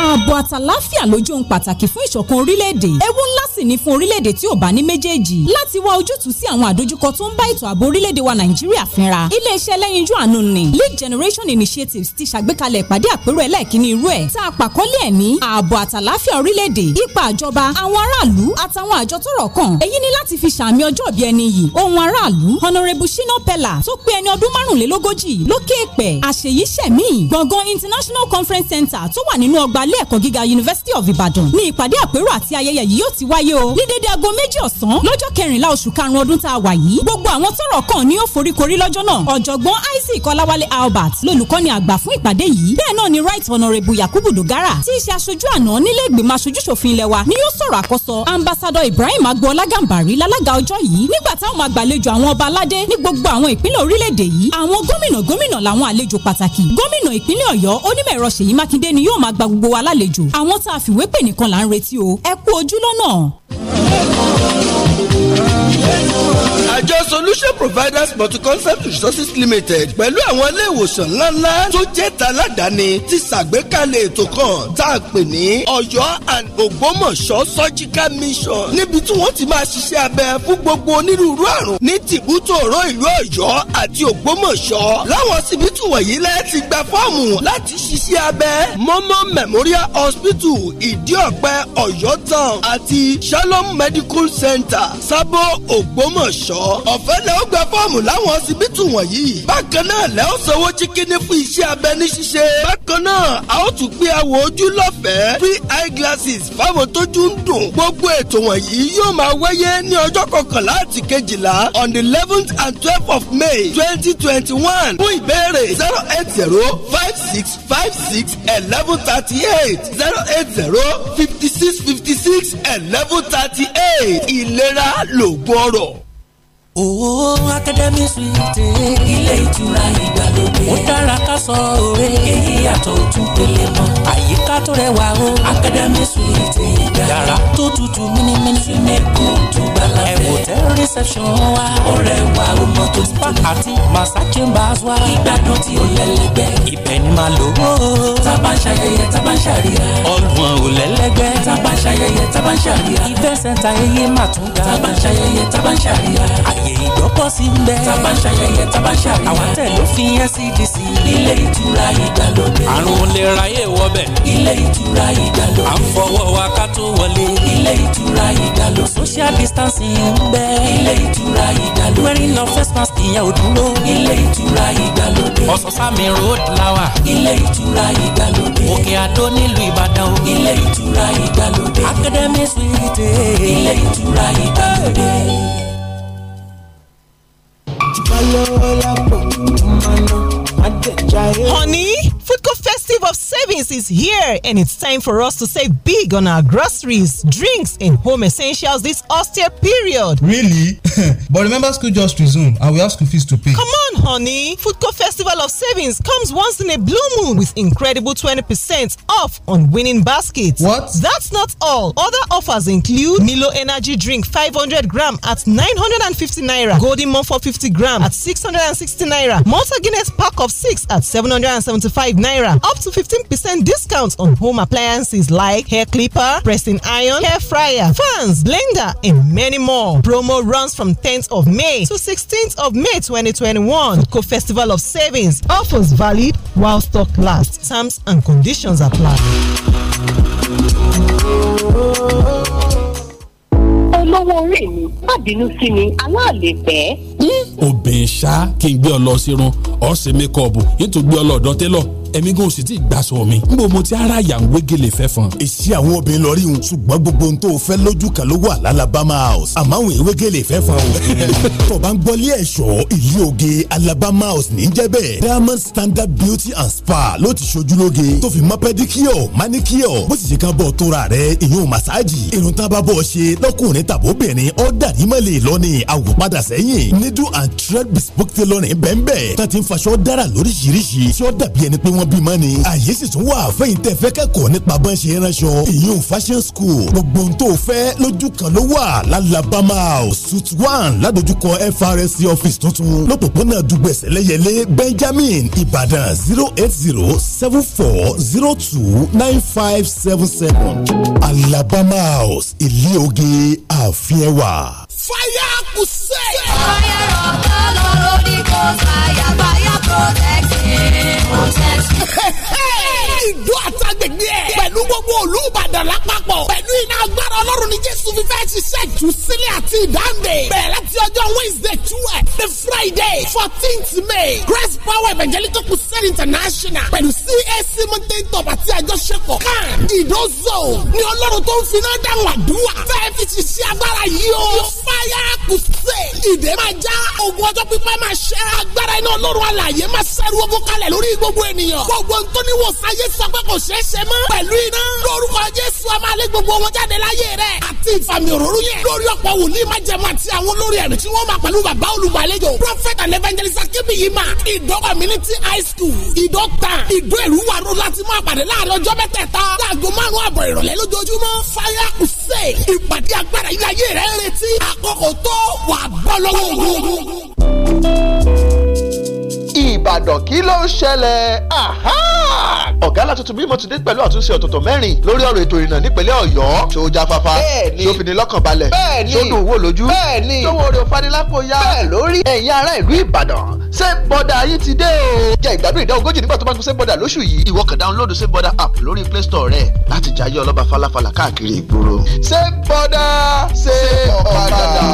Speaker 17: ààbò àtàláfíà ló jẹun pàtàkì fún ìṣọ̀kan orílẹ̀-èdè. ewu ńlá sì ní fún orílẹ̀-èdè tí ò bá ní méjèèjì láti wá ojútùú sí àwọn àdójúkọ tó ń bá ètò ààbò orílẹ̀-èdè wa nàìjíríà fínra iléeṣẹ́ lẹ́yinjú àánú ni lead generation initiatives ti ṣàgbékalẹ̀ ìpàdé àpérò ẹlẹ́ẹ̀kínní irú ẹ̀ tá a pàkọ́lé ẹ̀ ní ààbò àtàláfíà orílẹ̀-èdè ipa àjọba àwọn aráàlú àtàwọn àjọ tọ́rọ̀ kàn èyí ni láti fi sàmì ọjọ́ ìbí ẹni yìí ohun aráàlú honourable shina pella tó pé ẹni ọdún márùnlélógójì lókè èpẹ̀ àṣeyí gbọ̀ngàn international conference center tó wà nínú ọgbà ilé ẹ̀kọ́ gíga university of ibadan ní ìpàdé àpérò àti ayẹyẹ yìí yóò ti wáyé wáyé o ní dédé aago méjì ọ̀sán lọ́jọ́ kẹrìnlá oṣù karùn-ún ọdún tá a wà yìí gbogbo àwọn tọ́rọ̀ kàn ní ó foríkorí lọ́jọ́ náà ọ̀jọ̀gbọ́n Isaac Ọláwálé Albert lolùkọ́ni àgbà fún ìpàdé yìí bẹ́ẹ̀ náà ni right honourable Yakubu Dogara tí í ṣe aṣojú àná nílé ìgbìmọ̀ aṣojúṣòfin ilẹ̀ wa ni yóò sọ̀rọ̀ àkọ́sọ ambassador Ibrahim Agboola Gàmbàrí lálága ọjọ́ yìí nígbà táwọn máa gbàlejò àwọn ọba aládé ní gbogbo àwọn ìpínlẹ̀ orílẹ̀-èdè yìí àwọn gómìnà gómìnà làwọn àlejò pàtàkì gómìnà ìpínlẹ̀ Ọ̀yọ́ onímọ̀-ẹ̀rọ Ṣèyí Mákindé ni yóò máa gba gbogbo wa lálejò àwọn tá a fìwé pè nìkan là ń retí o ẹ kú ojú lọ́nà. Oh,
Speaker 16: providers multi-concept resources limited pẹ̀lú àwọn ilé ìwòsàn ńláńlá tó jẹ́ taládàáni ti ṣàgbékalẹ̀ ètò kan tá a pè ní ọ̀yọ́ and ògbómọ̀ṣọ́ surgical mission níbi tí wọ́n ti máa ṣiṣẹ́ abẹ fún gbogbo onírúurú àrùn ní tìbútò ọ̀rọ̀ ìlú ọ̀yọ́ àti ògbómọ̀ṣọ́ láwọn síbítù wọ̀nyí lẹ́ ti gba fọ́ọ̀mù láti ṣiṣẹ́ abẹ mọ́mọ́ memorial hospital ìdíọ̀pẹ ọ̀yọ́ town àti shalom medical center sábó ògbómọ̀ṣọ́ ọ̀fẹ́ lẹ́ gba fọ́ọ̀mù láwọn ọsibítù wọ̀nyí. bákan náà lẹ́ ó sanwó chikini fún iṣẹ́ abẹ ní ṣíṣe. bákan náà a ó tún gbé awò ojú lọ́fẹ̀ẹ́ free eye glasses fáwọn tójú ń dùn. gbogbo ètò wọ̀nyí yóò máa wáyé ní ọjọ́ kọkànlá àti kejìlá on the eleventh and twelfth of May twenty twenty one fún ìbéèrè zero eight zero five six five six eleven thirty eight zero eight zero fifty six fifty six eleven thirty eight ìlera lògbọ́rọ̀.
Speaker 15: Owó Akademi Suite. Ilé ìtura ìgbàlódé. Ó dára ká sọ òwe. Èyí yàtọ̀ ojú pele mọ́. Àyíká tó rẹwà o. Akademi Suite ìgbà. Yàrá tó tutù mímímí. Súnmẹ́kù tó gbala fẹ́. Ẹ̀wò tẹ́ reception wa. Ó rẹwà o mọ tó tutù. Spa àti Massa Chambers wa. Ìgbádùn tí ó lẹ́lẹ́gbẹ́. Ibẹ̀ ni màá lò ó. Tábà ń ṣayẹyẹ, tábà ń ṣàríyá. Ọgbọ̀n ò lẹ́lẹ́gbẹ́. Tábà ń ṣayẹyẹ, tábà ń ṣàríyá. Ìfẹ́ sẹ́ńtà eyé màtún ga. Tábà ń ṣayẹyẹ, tábà ń ṣàríyá. Àyè ààyè ìgbọ́pọ̀ sí ń bẹ́ẹ̀. tábà ń ṣayẹyẹ tábà ń ṣàríyá. àwọn tẹ̀ ló fi NCDC. E ilé ìtura ìgbàlódé. àrùn lè ráyè wọbẹ̀. ilé ìtura ìgbàlódé. à ń fọwọ́ wa ká tó wọlé. ilé ìtura ìgbàlódé. social distancing ń bẹ́ẹ̀. ilé ìtura ìgbàlódé. wearing no face mask ìyẹn ò dúró. ilé ìtura ìgbàlódé. ọ̀sán-sámi road lawa. ilé ìtura ìgbàlódé. òkè àdó nílùú ìbàdàn o. ilé ìtura ìgbàlódé. academy suite. ilé ìtura ìgbàlódé. Malo la pumana. Honey,
Speaker 14: Foodco Festive of Savings is here and it's time for us to save big on our groceries, drinks, and home essentials this austere period. Really? but remember, school
Speaker 10: just resumed and we have school fees to pay.
Speaker 14: Come on, honey. Foodco Festival of Savings comes once in a blue moon with incredible 20% off on winning baskets. What? That's not all. Other offers include Milo Energy Drink 500 gram at 950 naira, Golden Month 50 gram at 660 naira, Malta Guinness Pack of of 6 at 775 naira. Up to 15% discount on home appliances like hair clipper, pressing iron, hair fryer, fans, blender, and many more. Promo runs from 10th of May to 16th of May 2021. Co Festival of Savings. Offers valid while stock lasts. Terms and conditions apply.
Speaker 8: lọ́wọ́ orí mi má bínú sí mi aláàlè pẹ́.
Speaker 12: obìnrin ṣá kí n gbé ọ lọ sírun ọ̀sẹ̀ mẹ́kọ̀ọ̀bù ètò gbé ọ lọ ọ̀dọ́ tẹ́lọ̀ èmi gan sì ti gbàsọ mi nbọ mo ti ara yà ń wégele fẹ́ fan. èsì àwọn obìnrin lọ rí un ṣùgbọ́n gbogbo ohun tó o fẹ́ lójú kan ló wà l'Alabama house àmọ́ àwọn ìwégele fẹ́ fan o. tọ́ba ń gbọ́lé ẹ̀ṣọ́ ìlú oge Alabama house ní jẹ́bẹ̀ Diamond Standard Beauty and
Speaker 6: Spa ló ti ṣojú lóge tó fi mọ́ pẹ́díkíọ̀ máníkíọ̀ bó ti ṣe kan bọ̀ tóra rẹ̀ ìyún
Speaker 12: màsáàjì irun tá a bá bọ̀ ṣe lọ́kùnrin tàbóbìnrin ó dàrí mọ́lẹ̀ lọ́ni àwòpadà sẹ́yìn needle and thread bespoke tailoring bẹ́ẹ̀ bẹ́ẹ̀ tá ti ń faṣọ dára lóríṣiríṣi tí ó dàbí ẹni pé w wọn bímọ ni. àyè sì tún wà fẹ́yìn tẹ́ fẹ́ kẹ́kọ̀ọ́ nípa bọ́n ṣe ránṣọ èyí ò fashion school gbogbo ohun tó o fẹ́ lójú kan ló wà lálàbámà house suit one ládojúkọ FRSC office tuntun lọ́pọ̀pọ̀nà dùgbẹ̀sẹ̀lẹ̀yẹlé Benjamin Ibadan. zero eight
Speaker 6: zero seven four zero two nine five seven seven Alabama
Speaker 9: house ilé oge ààfin ẹwà.
Speaker 18: fire kù sẹ́ẹ̀. fire ọ̀gá lọ́rọ́ ní kò fàyà fàyà. Protex. Protex.
Speaker 8: Ìjọ àtàgbègbè ẹ̀ pẹ̀lú gbogbo òlú Ìbàdàn lápapọ̀ pẹ̀lú iná agbára Ọlọ́run ni Jésù fífẹ́ ṣiṣẹ́ ìtúsílẹ̀ àti ìdáǹdè bẹ̀rẹ̀ láti ọjọ́ Wednesday twelve the Friday fourteenth May Grace Power Evangelical Crusade International pẹ̀lú CAC mountain top àti àjọṣepọ̀ kan ìdózò ni Ọlọ́run tó ń finá dáhùn àdúrà fẹ́ẹ́ fi ṣiṣẹ́ agbára yìí o fire crusade ìdè máa já ogun ọjọ́ pípẹ́ máa ṣẹ́ agbára iná Ọlọ́run alàyè máa ṣẹ́rú ogun kalẹ̀ lórí gbogbo ènìyàn gbogbo ntọ́niwòsàn ayé sọ pé kò ṣeé ṣe mọ́ pẹ̀lú ì iná. lórúkọ jésù a máa lé gbogbo wọn jáde láyé rẹ. àti ìfàmì òróró yẹn. lórí ọ̀pọ̀ wòlíì máa jẹun àti àwọn olórí ẹ̀rí tí wọ́n máa pẹ̀lú bàbá olùgbàlejò. prophet and evangelist akébí yìí ma. ìdó community high school ìdó tan ìdó ìlú wa ro láti máa pàdé láàrin ọjọ́ mẹ́tẹ̀ẹ̀ta. láago márùn-ún àbọ̀ ìrọ̀lẹ́ lójoojúmọ́. fire hussein ìpàdé agbára ilé ayé rẹ̀ retí. àkókò tó ìbàdàn kí ló ń ṣẹlẹ̀
Speaker 16: ọ̀gá alátuntun bímọ ti dé pẹ̀lú àtúnṣe ọ̀tọ̀tọ̀ mẹ́rin lórí ọ̀rọ̀ ètò ìrìnnà nípínlẹ̀ ọ̀yọ́ tó jáfáfá tó fi ní lọ́kàn balẹ̀ tó dùn wò lójú tó wo orin òfanilápò ya lórí ẹ̀yin ará ìlú ìbàdàn ṣé bọ́dà yín ti dé o. jẹ́ ìgbádùn ìdá ogójì nígbà tó bá ń ṣe bọ́dà lóṣù yìí ìwọ kàn dáńlódù ṣé bọ́dà app lórí play store rẹ láti jayé ọlọ́ba falafala káàkiri ìgboro. ṣé bọ́dà ṣe ọ̀kadà.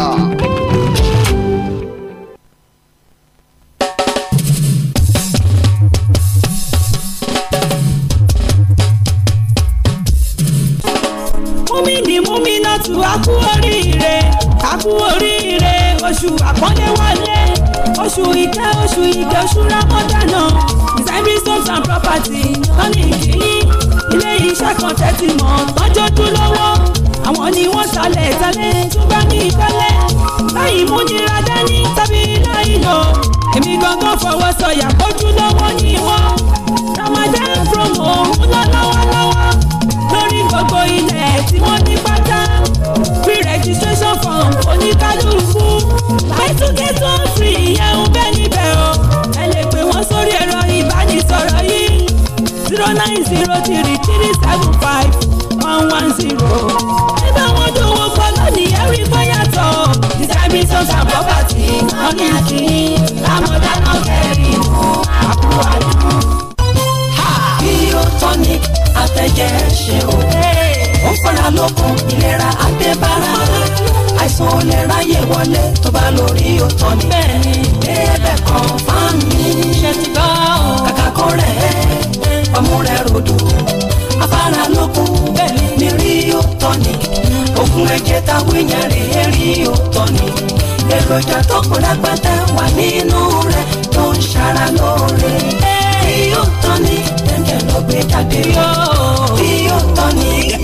Speaker 11: oṣù ìjọ ṣúra mọ́dánà ìsáíbírí homes and property tọ́ni ìkíní ilé iṣẹ́ kan tẹ́tí mọ́ tọ́jọ́jú lọ́wọ́ àwọn ni wọ́n sálẹ̀ sálẹ̀ tó bá ní ìtọ́lẹ̀ láì múnira dání tàbí láì lò èmi gangan fọwọ́ sọ̀yà kójú lọ́wọ́ ní wọ́n Ramadan from ń lọ lọ́wọ́lọ́wọ́ lórí gbogbo ilẹ̀ tí wọ́n ní pátá free registration form oníkálukú àìsùnkẹ́sùn
Speaker 15: free ìyẹn ń bẹ́ni. nine zero three three seven five one one zero. ẹgbẹ́ wọn dòwò pọ̀ lónìí ẹ̀rí fọ́yàtọ̀. distributions and property
Speaker 18: money àti lámọ̀dá náà kẹ́rì mú àbúrò àdúgbò. Bio tonic àtẹ̀jẹ́ ṣe o. ó fara lókun ìlera àtẹ̀bára. àìsàn ò lè ráyè wọlé tó bá lo Bio tonic. bẹ́ẹ̀ni ẹ̀ẹ́dẹ̀ kan fáàmì. ṣe ti gbọ́ o. kàkà kó rẹ̀ ẹ́ ọmúrẹ́ rodò afárá lókun bẹ́ẹ̀ ni rio tonic ògùn ẹ̀jẹ̀ ta wíyẹn rí e rio tonic èròjà tó kù lágbàtà wà nínú rẹ̀ tó ń ṣara lóore rio tonic
Speaker 8: ló gbé jáde yóò rio tonic.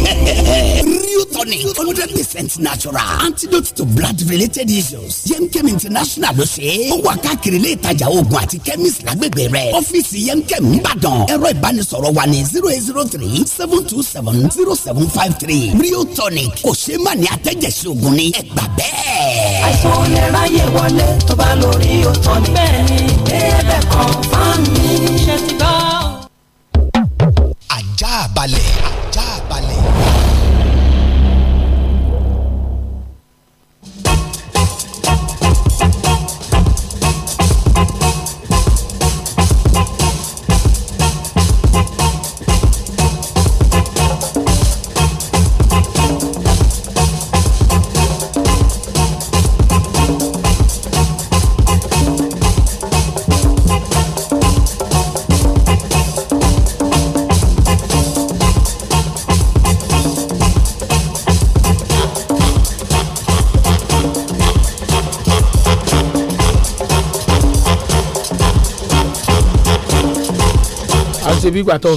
Speaker 8: rio tonic hundred percent natural antidote to blood related issues yemkem international ló ṣe é. ó wà káàkiri ilé ìtajà oògùn àti chemist lágbègbè rẹ̀ ọ́fíìsì yemkem nìbàdàn ẹ̀rọ ìbánisọ̀rọ̀ wà ní zero eight zero three seven two seven zero seven five three rio tonic kò ṣe é mà ní atẹ́jẹsí oògùn ni ẹ gbà bẹ́ẹ̀. àìsàn ò lè ráyè wọlé tó bá lo rio tonic. bẹ́ẹ̀ni ẹ bẹ kàn fún mi. ṣe ti bá a Vale.
Speaker 10: bí ìgbà tó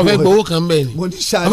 Speaker 10: ọfẹ gbowó kan bẹ́ẹ̀ ni. mo